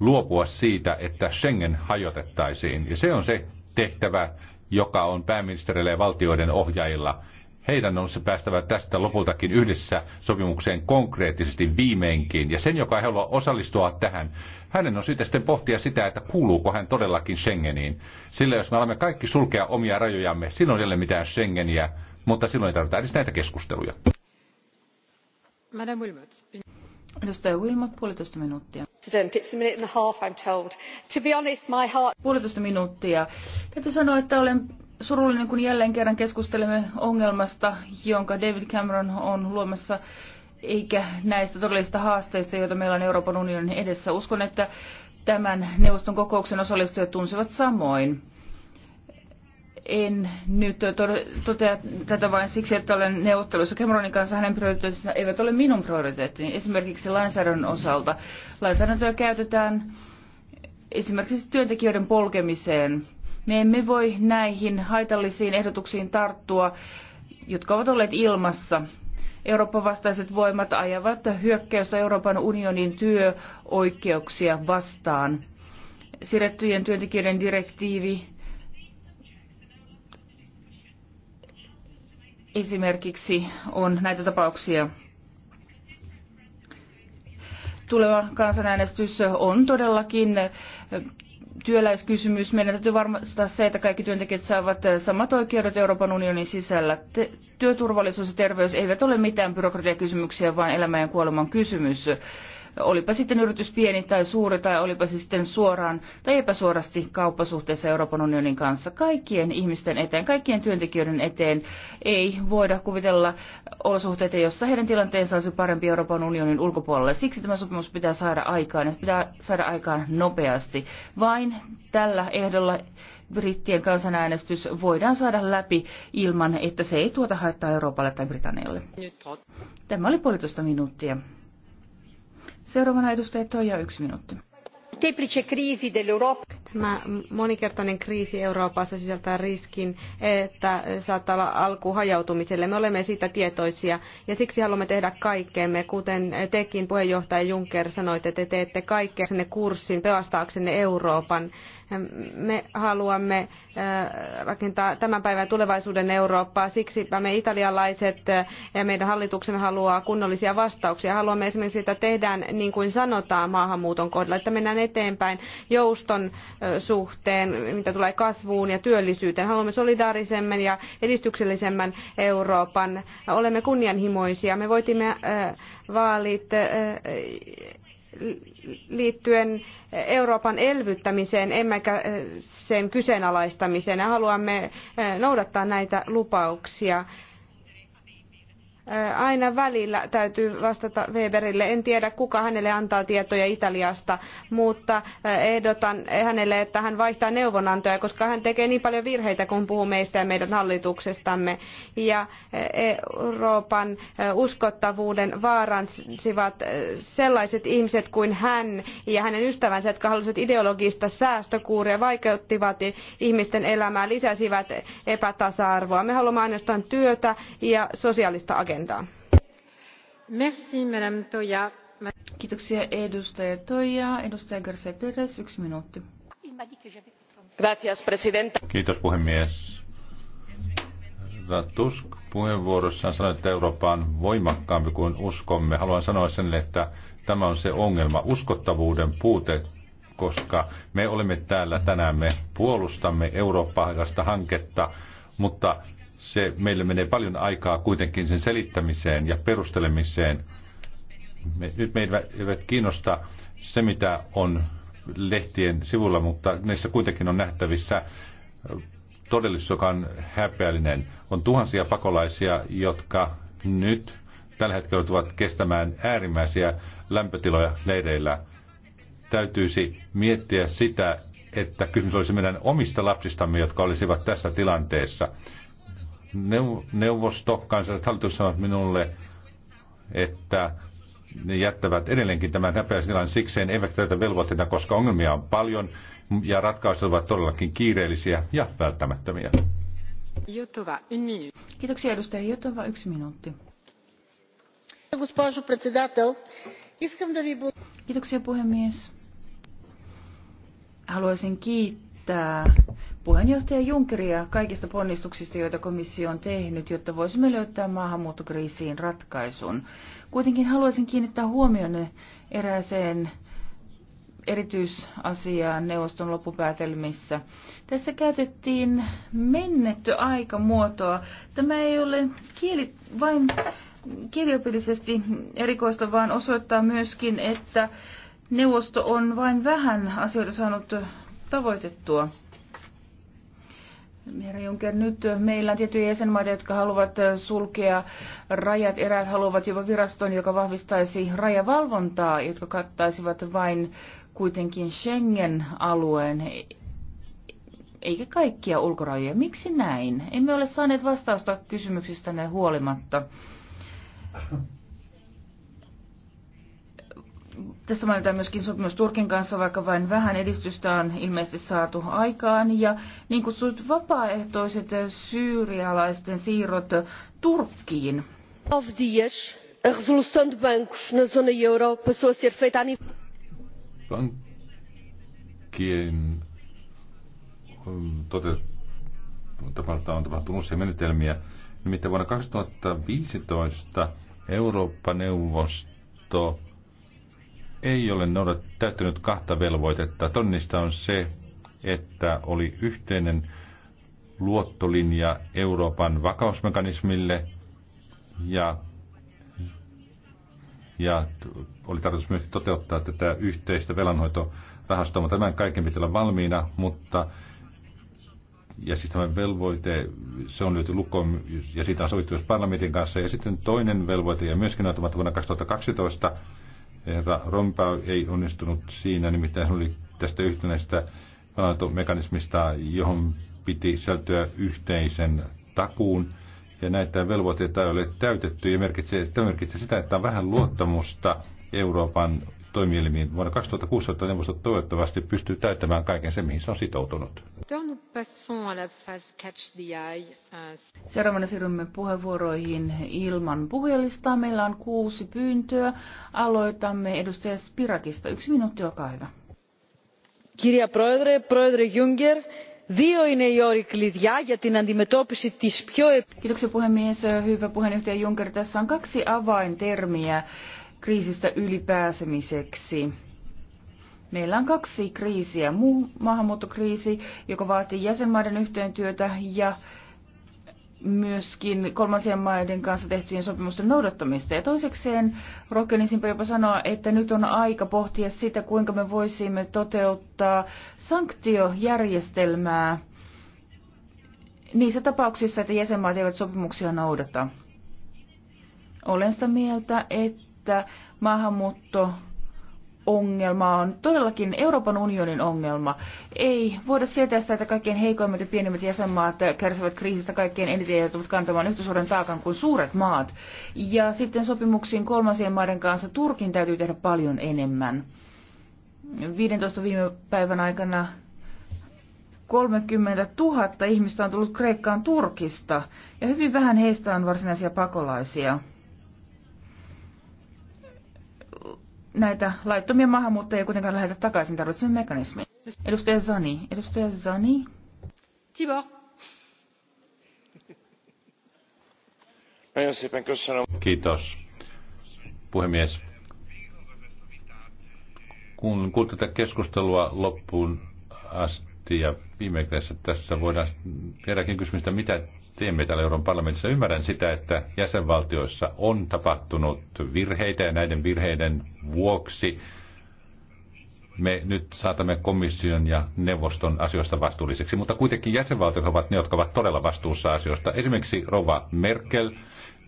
luopua siitä, että Schengen hajotettaisiin. Ja se on se tehtävä, joka on pääministerille ja valtioiden ohjaajilla – heidän on se päästävä tästä lopultakin yhdessä sopimukseen konkreettisesti viimeinkin. Ja sen, joka haluaa osallistua tähän, hänen on syytä sitten pohtia sitä, että kuuluuko hän todellakin Schengeniin. Sillä jos me alamme kaikki sulkea omia rajojamme, silloin ei ole mitään Schengeniä, mutta silloin ei tarvita edes näitä keskusteluja. Madame Wilmot. Edustaja Wilmot, puolitoista minuuttia. It's a minute and a half, I'm told. To be honest, my heart... Puolitoista minuuttia. Täytyy sanoa, että olen surullinen, kun jälleen kerran keskustelemme ongelmasta, jonka David Cameron on luomassa, eikä näistä todellisista haasteista, joita meillä on Euroopan unionin edessä. Uskon, että tämän neuvoston kokouksen osallistujat tunsevat samoin. En nyt totea tätä vain siksi, että olen neuvotteluissa Cameronin kanssa. Hänen prioriteettinsa eivät ole minun prioriteettini. Esimerkiksi lainsäädännön osalta. Lainsäädäntöä käytetään esimerkiksi työntekijöiden polkemiseen me emme voi näihin haitallisiin ehdotuksiin tarttua, jotka ovat olleet ilmassa. Euroopan vastaiset voimat ajavat hyökkäystä Euroopan unionin työoikeuksia vastaan. Sirettyjen työntekijöiden direktiivi esimerkiksi on näitä tapauksia. Tuleva kansanäänestys on todellakin työläiskysymys. Meidän täytyy varmistaa se, että kaikki työntekijät saavat samat oikeudet Euroopan unionin sisällä. työturvallisuus ja terveys eivät ole mitään byrokratiakysymyksiä, vaan elämän ja kuoleman kysymys olipa sitten yritys pieni tai suuri tai olipa se sitten suoraan tai epäsuorasti kauppasuhteessa Euroopan unionin kanssa. Kaikkien ihmisten eteen, kaikkien työntekijöiden eteen ei voida kuvitella olosuhteita, jossa heidän tilanteensa olisi parempi Euroopan unionin ulkopuolella. Siksi tämä sopimus pitää saada aikaan ja pitää saada aikaan nopeasti. Vain tällä ehdolla brittien kansanäänestys voidaan saada läpi ilman, että se ei tuota haittaa Euroopalle tai Britannialle. Tämä oli puolitoista minuuttia. Seuraavana edustaja Toija, yksi minuutti. Tämä monikertainen kriisi Euroopassa sisältää riskin, että saattaa olla alku hajautumiselle. Me olemme siitä tietoisia ja siksi haluamme tehdä kaikkeemme. Kuten tekin puheenjohtaja Juncker sanoi että te teette kaikkenne kurssin pelastaaksenne Euroopan. Me haluamme rakentaa tämän päivän tulevaisuuden Eurooppaa. Siksi me italialaiset ja meidän hallituksemme haluaa kunnollisia vastauksia. Haluamme esimerkiksi, että tehdään niin kuin sanotaan maahanmuuton kohdalla, että mennään eteenpäin jouston suhteen, mitä tulee kasvuun ja työllisyyteen. Haluamme solidaarisemman ja edistyksellisemmän Euroopan. Olemme kunnianhimoisia. Me voitimme vaalit liittyen Euroopan elvyttämiseen emmekä sen kyseenalaistamiseen. Haluamme eh, noudattaa näitä lupauksia. Aina välillä täytyy vastata Weberille. En tiedä, kuka hänelle antaa tietoja Italiasta, mutta ehdotan hänelle, että hän vaihtaa neuvonantoja, koska hän tekee niin paljon virheitä, kun puhuu meistä ja meidän hallituksestamme. Ja Euroopan uskottavuuden vaaransivat sellaiset ihmiset kuin hän ja hänen ystävänsä, jotka halusivat ideologista säästökuuria, vaikeuttivat ihmisten elämää, lisäsivät epätasa-arvoa. Me haluamme ainoastaan työtä ja sosiaalista agendaa agendaa. Merci, Kiitoksia edustaja Edustaja Kiitos puhemies. Tusk puheenvuorossaan sanoi, että Eurooppa on voimakkaampi kuin uskomme. Haluan sanoa sen, että tämä on se ongelma, uskottavuuden puute, koska me olemme täällä tänään, me puolustamme eurooppalaista hanketta, mutta se meille menee paljon aikaa kuitenkin sen selittämiseen ja perustelemiseen. Me, nyt meitä eivät kiinnosta se, mitä on lehtien sivulla, mutta niissä kuitenkin on nähtävissä todellisuus, joka on häpeällinen. On tuhansia pakolaisia, jotka nyt tällä hetkellä joutuvat kestämään äärimmäisiä lämpötiloja leireillä. Täytyisi miettiä sitä, että kysymys olisi meidän omista lapsistamme, jotka olisivat tässä tilanteessa neuvosto, kansalliset hallitus sanovat minulle, että ne jättävät edelleenkin tämän häpeäisen sikseen, eivät täytä velvoitteita, koska ongelmia on paljon ja ratkaisut ovat todellakin kiireellisiä ja välttämättömiä. Jutova, Kiitoksia edustaja Jutova, yksi minuutti. Kiitoksia puhemies. Haluaisin kiittää puheenjohtaja Junckeria kaikista ponnistuksista, joita komissio on tehnyt, jotta voisimme löytää maahanmuuttokriisiin ratkaisun. Kuitenkin haluaisin kiinnittää huomionne erääseen erityisasiaan neuvoston loppupäätelmissä. Tässä käytettiin mennetty aikamuotoa. Tämä ei ole kieli, vain kirjopillisesti erikoista, vaan osoittaa myöskin, että neuvosto on vain vähän asioita saanut tavoitettua. Herra Juncker, nyt meillä on tiettyjä jäsenmaita, jotka haluavat sulkea rajat. Eräät haluavat jopa viraston, joka vahvistaisi rajavalvontaa, jotka kattaisivat vain kuitenkin Schengen-alueen, eikä kaikkia ulkorajoja. Miksi näin? Emme ole saaneet vastausta kysymyksistä huolimatta tässä mainitaan myöskin sopimus Turkin kanssa, vaikka vain vähän edistystä on ilmeisesti saatu aikaan. Ja niin kutsutut vapaaehtoiset syyrialaisten siirrot Turkkiin. Of dias, a resolução de bancos na zona e euro passou a ser feita Pankkien um, toteutumista on tapahtunut uusia menetelmiä. Nimittäin vuonna 2015 Eurooppa-neuvosto ei ole noudat, täyttänyt kahta velvoitetta. Tonnista on se, että oli yhteinen luottolinja Euroopan vakausmekanismille ja, ja oli tarkoitus myös toteuttaa tätä yhteistä velanhoitorahastoa. Tämän kaiken pitää olla valmiina, mutta ja siis tämä velvoite, se on lyöty lukkoon ja siitä on sovittu myös parlamentin kanssa. Ja sitten toinen velvoite, ja myöskin näyttämättä vuonna 2012, herra Rompau ei onnistunut siinä, nimittäin hän oli tästä yhtenäistä mekanismista, johon piti sältyä yhteisen takuun. Ja näitä velvoitteita ei ole täytetty ja merkitsee, että merkitsee sitä, että on vähän luottamusta Euroopan toimielimiin. Vuonna 2016 neuvosto toivottavasti pystyy täyttämään kaiken sen, mihin se on sitoutunut. Euh, Seuraavana siirrymme puheenvuoroihin ilman puhujalistaa. Meillä on kuusi pyyntöä. Aloitamme edustaja Spirakista. Yksi minuutti, olkaa hyvä. Kirja Proedre, Proedre Junger, Kiitoksia puhemies. Hyvä puheenjohtaja Juncker. Tässä on kaksi avaintermiä kriisistä ylipääsemiseksi. Meillä on kaksi kriisiä. Muu maahanmuuttokriisi, joka vaatii jäsenmaiden yhteentyötä ja myöskin kolmansien maiden kanssa tehtyjen sopimusten noudattamista. Ja toisekseen rohkenisinpä jopa sanoa, että nyt on aika pohtia sitä, kuinka me voisimme toteuttaa sanktiojärjestelmää niissä tapauksissa, että jäsenmaat eivät sopimuksia noudata. Olen sitä mieltä, että että maahanmuutto ongelma on todellakin Euroopan unionin ongelma. Ei voida sietää sitä, että kaikkein heikoimmat ja pienimmät jäsenmaat kärsivät kriisistä kaikkein eniten ja joutuvat kantamaan yhtä suuren taakan kuin suuret maat. Ja sitten sopimuksiin kolmansien maiden kanssa Turkin täytyy tehdä paljon enemmän. 15 viime päivän aikana 30 000 ihmistä on tullut Kreikkaan Turkista ja hyvin vähän heistä on varsinaisia pakolaisia. näitä laittomia maahanmuuttajia kuitenkaan lähetä takaisin tarvitsemme mekanismi. Edustaja Zani. Edustaja Zani. Tibor. Kiitos, puhemies. Kun tätä keskustelua loppuun asti ja viime kädessä tässä voidaan vieläkin kysymystä, mitä teemme täällä Euroopan parlamentissa. Ymmärrän sitä, että jäsenvaltioissa on tapahtunut virheitä ja näiden virheiden vuoksi me nyt saatamme komission ja neuvoston asioista vastuulliseksi, mutta kuitenkin jäsenvaltiot ovat ne, jotka ovat todella vastuussa asioista. Esimerkiksi Rova Merkel,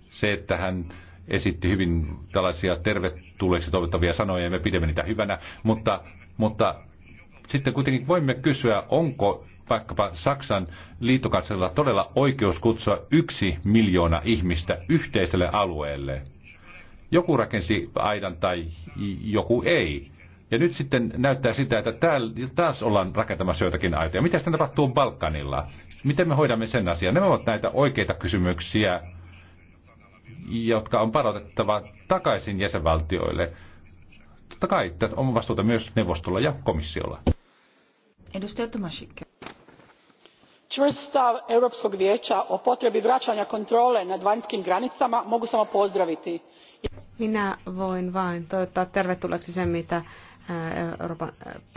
se, että hän esitti hyvin tällaisia tervetulleeksi toivottavia sanoja ja me pidämme niitä hyvänä, mutta, mutta sitten kuitenkin voimme kysyä, onko vaikkapa Saksan liittokansalla todella oikeus kutsua yksi miljoona ihmistä yhteiselle alueelle. Joku rakensi aidan tai joku ei. Ja nyt sitten näyttää sitä, että täällä taas ollaan rakentamassa joitakin aitoja. Mitä sitten tapahtuu Balkanilla? Miten me hoidamme sen asian? Nämä ovat näitä oikeita kysymyksiä, jotka on palautettava takaisin jäsenvaltioille. Totta kai, on vastuuta myös neuvostolla ja komissiolla. Edustaja Tomasikki čvrst stav europskog vijeća o potrebi vraćanja kontrole nad vanjskim granicama mogu samo pozdraviti. minä Euroopan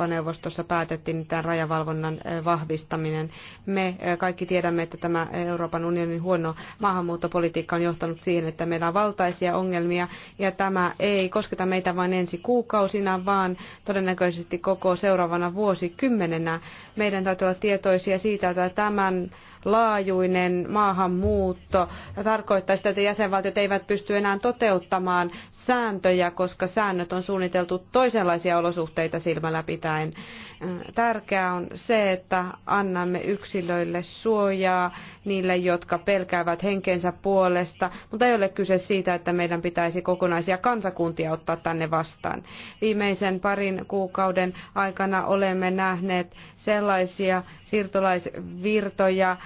neuvostossa päätettiin tämän rajavalvonnan vahvistaminen. Me kaikki tiedämme, että tämä Euroopan unionin huono maahanmuuttopolitiikka on johtanut siihen, että meillä on valtaisia ongelmia ja tämä ei kosketa meitä vain ensi kuukausina, vaan todennäköisesti koko seuraavana vuosikymmenenä. Meidän täytyy olla tietoisia siitä, että tämän laajuinen maahanmuutto tarkoittaa sitä, että jäsenvaltiot eivät pysty enää toteuttamaan sääntöjä, koska säännöt on suunniteltu toisenlaisia olosuhteita silmällä pitäen tärkeää on se, että annamme yksilöille suojaa niille, jotka pelkäävät henkensä puolesta, mutta ei ole kyse siitä, että meidän pitäisi kokonaisia kansakuntia ottaa tänne vastaan. Viimeisen parin kuukauden aikana olemme nähneet sellaisia siirtolaisvirtoja,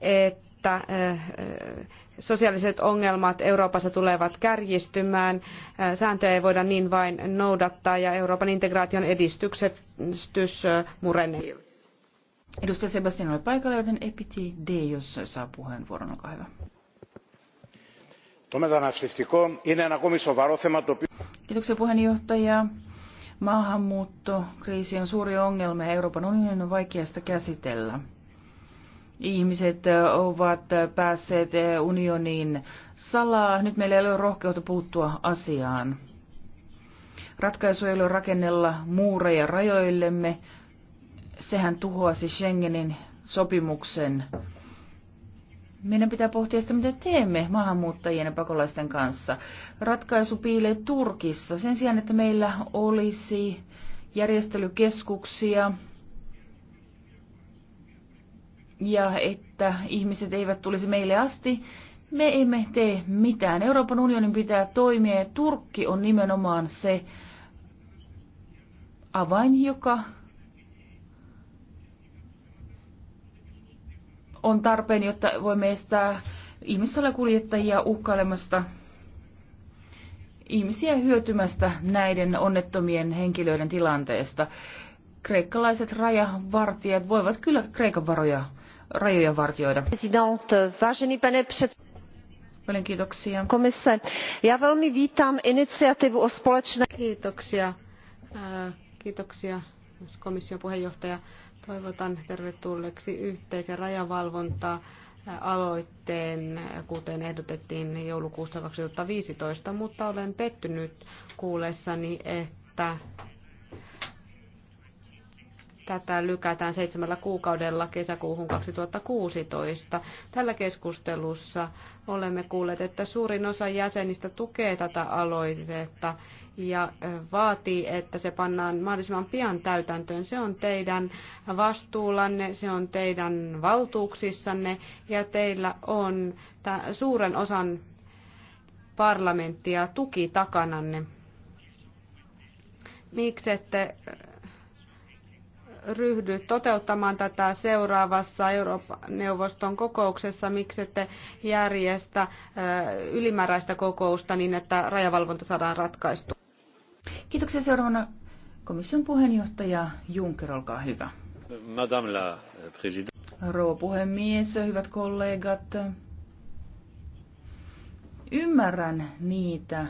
että että eh, sosiaaliset ongelmat Euroopassa tulevat kärjistymään, sääntöjä ei voida niin vain noudattaa ja Euroopan integraation edistyksetys murenee. Edustaja Sebastian oli paikalla, joten Epiti D, jos saa puheenvuoron, olkaa hyvä. Το μεταναστευτικό είναι ένα ακόμη σοβαρό θέμα το οποίο... Kiitoksia puheenjohtaja. Maahanmuuttokriisi on suuri ongelma ja Euroopan unionin on vaikeasta käsitellä ihmiset ovat päässeet unioniin salaa. Nyt meillä ei ole rohkeutta puuttua asiaan. Ratkaisu ei ole rakennella muureja rajoillemme. Sehän tuhoasi Schengenin sopimuksen. Meidän pitää pohtia sitä, mitä teemme maahanmuuttajien ja pakolaisten kanssa. Ratkaisu piilee Turkissa. Sen sijaan, että meillä olisi järjestelykeskuksia, ja että ihmiset eivät tulisi meille asti. Me emme tee mitään. Euroopan unionin pitää toimia ja Turkki on nimenomaan se avain, joka on tarpeen, jotta voimme estää ihmissalakuljettajia uhkailemasta ihmisiä hyötymästä näiden onnettomien henkilöiden tilanteesta. Kreikkalaiset rajavartijat voivat kyllä Kreikan varoja rajoja vartioida. kiitoksia. Komise, ja velmi initiatiivu o společné... Kiitoksia. Äh, kiitoksia, komission puheenjohtaja. Toivotan tervetulleeksi yhteisen rajavalvontaa aloitteen, kuten ehdotettiin joulukuussa 2015, mutta olen pettynyt kuullessani, että tätä lykätään seitsemällä kuukaudella kesäkuuhun 2016. Tällä keskustelussa olemme kuulleet, että suurin osa jäsenistä tukee tätä aloitetta ja vaatii, että se pannaan mahdollisimman pian täytäntöön. Se on teidän vastuullanne, se on teidän valtuuksissanne ja teillä on suuren osan parlamenttia tuki takananne. Miksette ryhdy toteuttamaan tätä seuraavassa Euroopan neuvoston kokouksessa? Miksi ette järjestä ylimääräistä kokousta niin, että rajavalvonta saadaan ratkaistua? Kiitoksia seuraavana komission puheenjohtaja Juncker, olkaa hyvä. Madame la president. Rouva puhemies, hyvät kollegat. Ymmärrän niitä,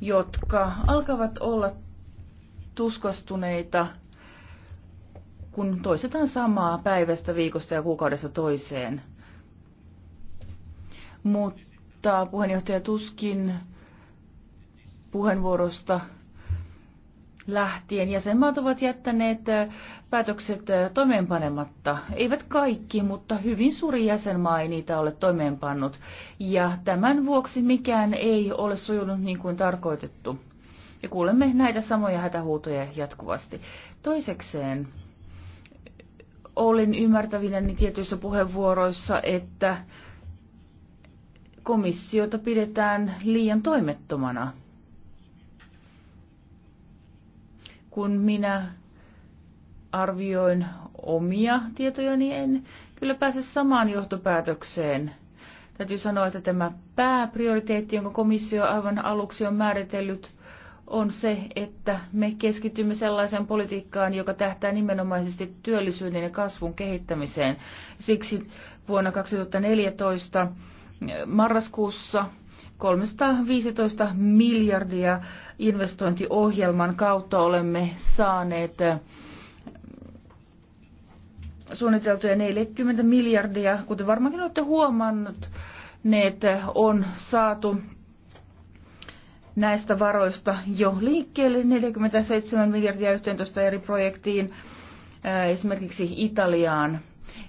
jotka alkavat olla tuskastuneita kun toistetaan samaa päivästä, viikosta ja kuukaudesta toiseen. Mutta puheenjohtaja Tuskin puheenvuorosta lähtien jäsenmaat ovat jättäneet äh, päätökset äh, toimeenpanematta. Eivät kaikki, mutta hyvin suuri jäsenmaa ei niitä ole toimeenpannut. Ja tämän vuoksi mikään ei ole sujunut niin kuin tarkoitettu. Ja kuulemme näitä samoja hätähuutoja jatkuvasti. Toisekseen olin niin tietyissä puheenvuoroissa, että komissiota pidetään liian toimettomana. Kun minä arvioin omia tietojani, niin en kyllä pääse samaan johtopäätökseen. Täytyy sanoa, että tämä pääprioriteetti, jonka komissio aivan aluksi on määritellyt, on se, että me keskitymme sellaiseen politiikkaan, joka tähtää nimenomaisesti työllisyyden ja kasvun kehittämiseen. Siksi vuonna 2014 marraskuussa 315 miljardia investointiohjelman kautta olemme saaneet äh, suunniteltuja 40 miljardia, kuten varmaankin olette huomannut, ne äh, on saatu näistä varoista jo liikkeelle 47 miljardia 11 eri projektiin esimerkiksi Italiaan.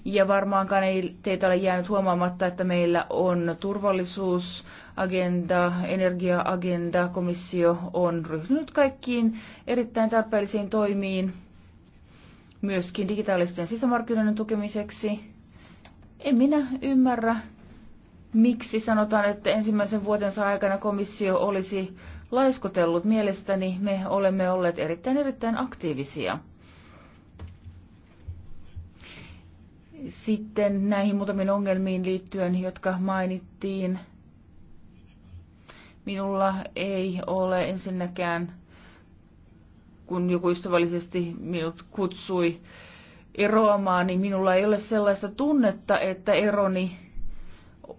Ja varmaankaan ei teitä ole jäänyt huomaamatta, että meillä on turvallisuusagenda, energiaagenda, komissio on ryhtynyt kaikkiin erittäin tarpeellisiin toimiin myöskin digitaalisten sisämarkkinoiden tukemiseksi. En minä ymmärrä, miksi sanotaan, että ensimmäisen vuotensa aikana komissio olisi laiskotellut. Mielestäni me olemme olleet erittäin erittäin aktiivisia. Sitten näihin muutamiin ongelmiin liittyen, jotka mainittiin. Minulla ei ole ensinnäkään, kun joku ystävällisesti minut kutsui eroamaan, niin minulla ei ole sellaista tunnetta, että eroni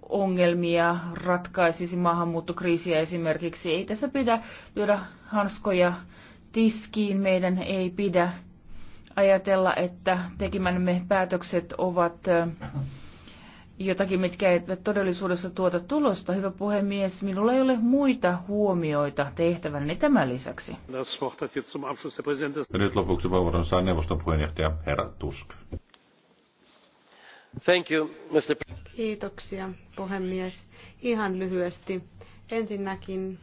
ongelmia, ratkaisisi maahanmuuttokriisiä esimerkiksi. Ei tässä pidä lyödä hanskoja tiskiin. Meidän ei pidä ajatella, että tekemämme päätökset ovat jotakin, mitkä eivät todellisuudessa tuota tulosta. Hyvä puhemies, minulla ei ole muita huomioita tehtävänne tämän lisäksi. Ja nyt lopuksi puheenvuoron saa neuvoston puheenjohtaja herra Tusk. Kiitoksia puhemies. Ihan lyhyesti. Ensinnäkin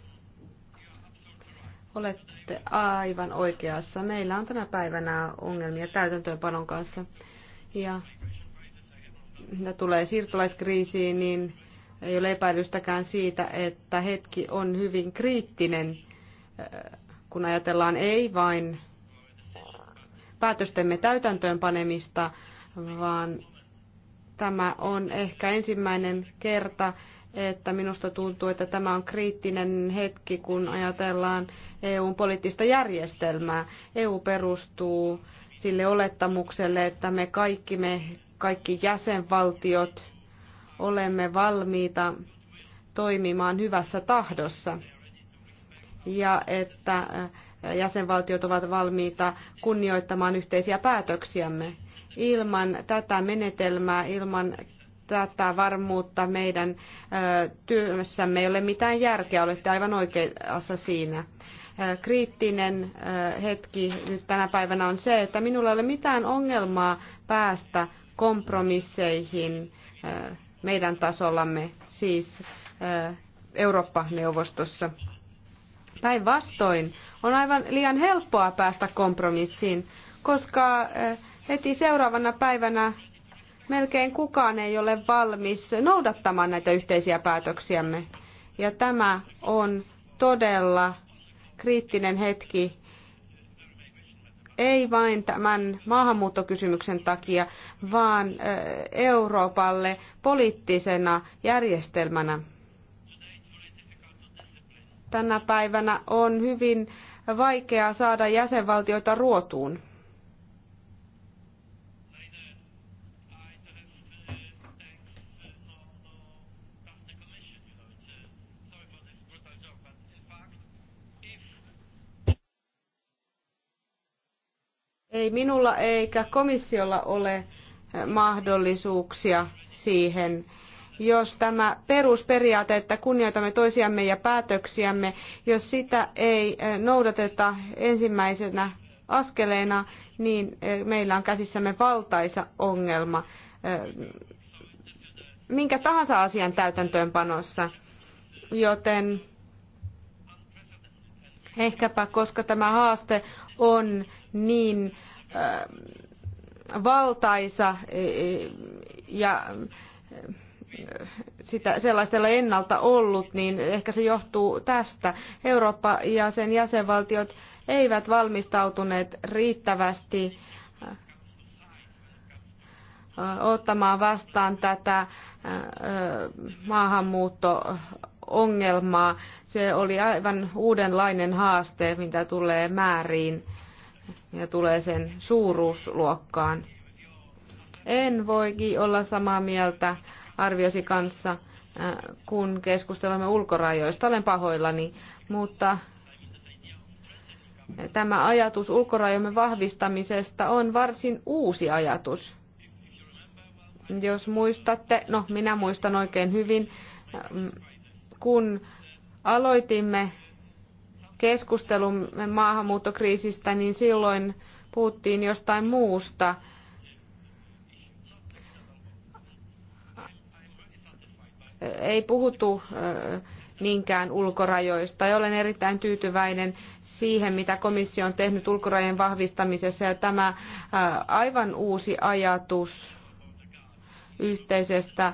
olette aivan oikeassa. Meillä on tänä päivänä ongelmia täytäntöönpanon kanssa. Ja mitä tulee siirtolaiskriisiin, niin ei ole epäilystäkään siitä, että hetki on hyvin kriittinen, äh, kun ajatellaan ei vain päätöstemme täytäntöönpanemista, vaan Tämä on ehkä ensimmäinen kerta, että minusta tuntuu, että tämä on kriittinen hetki, kun ajatellaan EUn poliittista järjestelmää. EU perustuu sille olettamukselle, että me kaikki, me kaikki jäsenvaltiot olemme valmiita toimimaan hyvässä tahdossa ja että jäsenvaltiot ovat valmiita kunnioittamaan yhteisiä päätöksiämme. Ilman tätä menetelmää, ilman tätä varmuutta meidän työssämme ei ole mitään järkeä. Olette aivan oikeassa siinä kriittinen hetki nyt tänä päivänä on se, että minulla ei ole mitään ongelmaa päästä kompromisseihin meidän tasollamme, siis Eurooppa-neuvostossa. Päinvastoin on aivan liian helppoa päästä kompromissiin, koska heti seuraavana päivänä melkein kukaan ei ole valmis noudattamaan näitä yhteisiä päätöksiämme. Ja tämä on todella kriittinen hetki, ei vain tämän maahanmuuttokysymyksen takia, vaan Euroopalle poliittisena järjestelmänä. Tänä päivänä on hyvin vaikea saada jäsenvaltioita ruotuun. Ei minulla eikä komissiolla ole eh, mahdollisuuksia siihen jos tämä perusperiaate, että kunnioitamme toisiamme ja päätöksiämme, jos sitä ei eh, noudateta ensimmäisenä askeleena, niin eh, meillä on käsissämme valtaisa ongelma minkä tahansa asian täytäntöönpanossa. Joten Ehkäpä, koska tämä haaste on niin äh, valtaisa äh, ja äh, sitä, sellaista ei ole ennalta ollut, niin ehkä se johtuu tästä. Eurooppa ja sen jäsenvaltiot eivät valmistautuneet riittävästi ottamaan vastaan tätä maahanmuutto ongelmaa. Se oli aivan uudenlainen haaste, mitä tulee määriin ja tulee sen suuruusluokkaan. En voi olla samaa mieltä arviosi kanssa, äh, kun keskustelemme ulkorajoista. Olen pahoillani, mutta tämä ajatus ulkorajojen vahvistamisesta on varsin uusi ajatus. Jos muistatte, no minä muistan oikein hyvin, kun aloitimme keskustelun maahanmuuttokriisistä, niin silloin puhuttiin jostain muusta. Ei puhuttu niinkään ulkorajoista. Ja olen erittäin tyytyväinen siihen, mitä komissio on tehnyt ulkorajojen vahvistamisessa. Ja tämä aivan uusi ajatus yhteisestä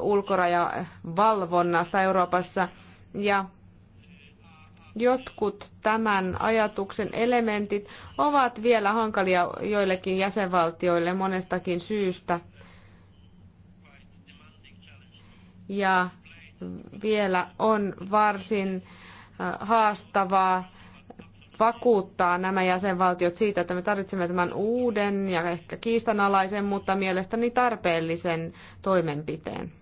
ulkorajavalvonnasta Euroopassa. Ja jotkut tämän ajatuksen elementit ovat vielä hankalia joillekin jäsenvaltioille monestakin syystä. Ja vielä on varsin haastavaa vakuuttaa nämä jäsenvaltiot siitä, että me tarvitsemme tämän uuden ja ehkä kiistanalaisen, mutta mielestäni tarpeellisen toimenpiteen.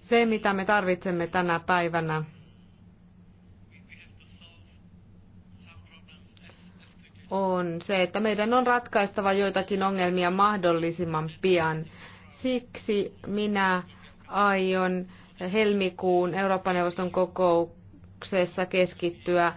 Se, mitä me tarvitsemme tänä päivänä, on se, että meidän on ratkaistava joitakin ongelmia mahdollisimman pian. Siksi minä aion helmikuun eurooppa neuvoston kokouksessa keskittyä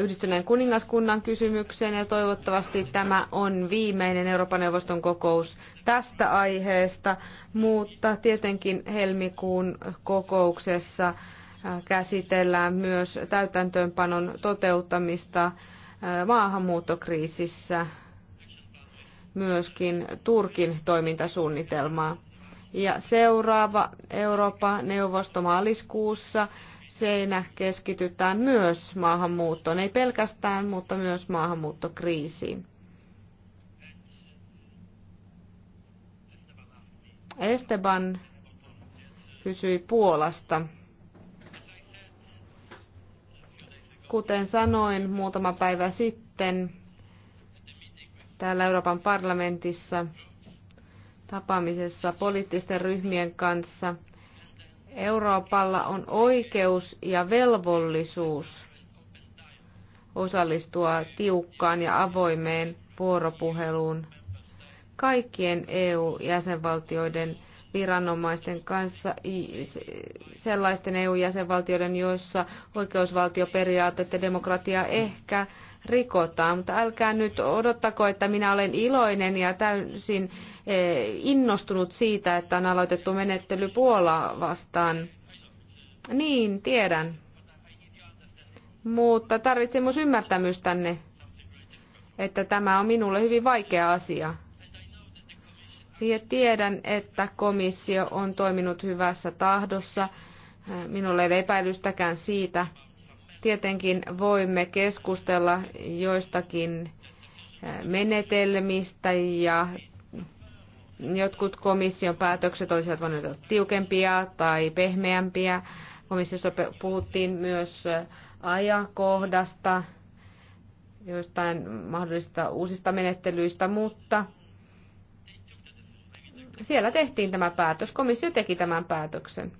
yhdistyneen kuningaskunnan kysymykseen ja toivottavasti tämä on viimeinen Euroopan neuvoston kokous tästä aiheesta, mutta tietenkin helmikuun kokouksessa käsitellään myös täytäntöönpanon toteuttamista maahanmuuttokriisissä, myöskin Turkin toimintasuunnitelmaa. Ja seuraava Eurooppa-neuvosto maaliskuussa, seinä keskitytään myös maahanmuuttoon, ei pelkästään, mutta myös maahanmuuttokriisiin. Esteban kysyi Puolasta. Kuten sanoin muutama päivä sitten täällä Euroopan parlamentissa, tapaamisessa poliittisten ryhmien kanssa. Euroopalla on oikeus ja velvollisuus osallistua tiukkaan ja avoimeen vuoropuheluun kaikkien EU-jäsenvaltioiden viranomaisten kanssa sellaisten EU-jäsenvaltioiden, joissa oikeusvaltioperiaatteet ja demokratia ehkä rikotaan. Mutta älkää nyt odottako, että minä olen iloinen ja täysin e, innostunut siitä, että on aloitettu menettely Puolaa vastaan. Niin, tiedän. Mutta tarvitsen myös ymmärtämystänne, että tämä on minulle hyvin vaikea asia. Ja tiedän, että komissio on toiminut hyvässä tahdossa. Minulle ei ole epäilystäkään siitä. Tietenkin voimme keskustella joistakin menetelmistä ja jotkut komission päätökset olisivat voineet olla tiukempia tai pehmeämpiä. Komissiossa puhuttiin myös ajankohdasta, joistain mahdollisista uusista menettelyistä, mutta siellä tehtiin tämä päätös, komissio teki tämän päätöksen.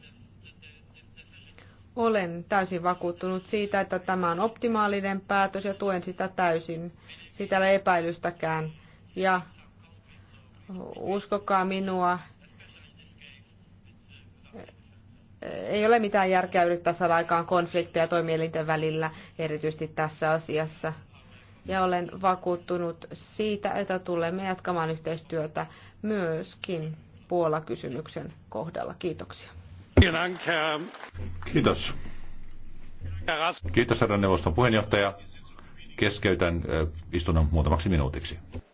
Olen täysin vakuuttunut siitä, että tämä on optimaalinen päätös ja tuen sitä täysin. Sitä ei epäilystäkään. Ja uskokaa minua, ei ole mitään järkeä yrittää saada aikaan konflikteja toimielinten välillä, erityisesti tässä asiassa ja olen vakuuttunut siitä, että tulemme jatkamaan yhteistyötä myöskin Puola-kysymyksen kohdalla. Kiitoksia. Kiitos. Kiitos herra neuvoston puheenjohtaja. Keskeytän istunnon muutamaksi minuutiksi.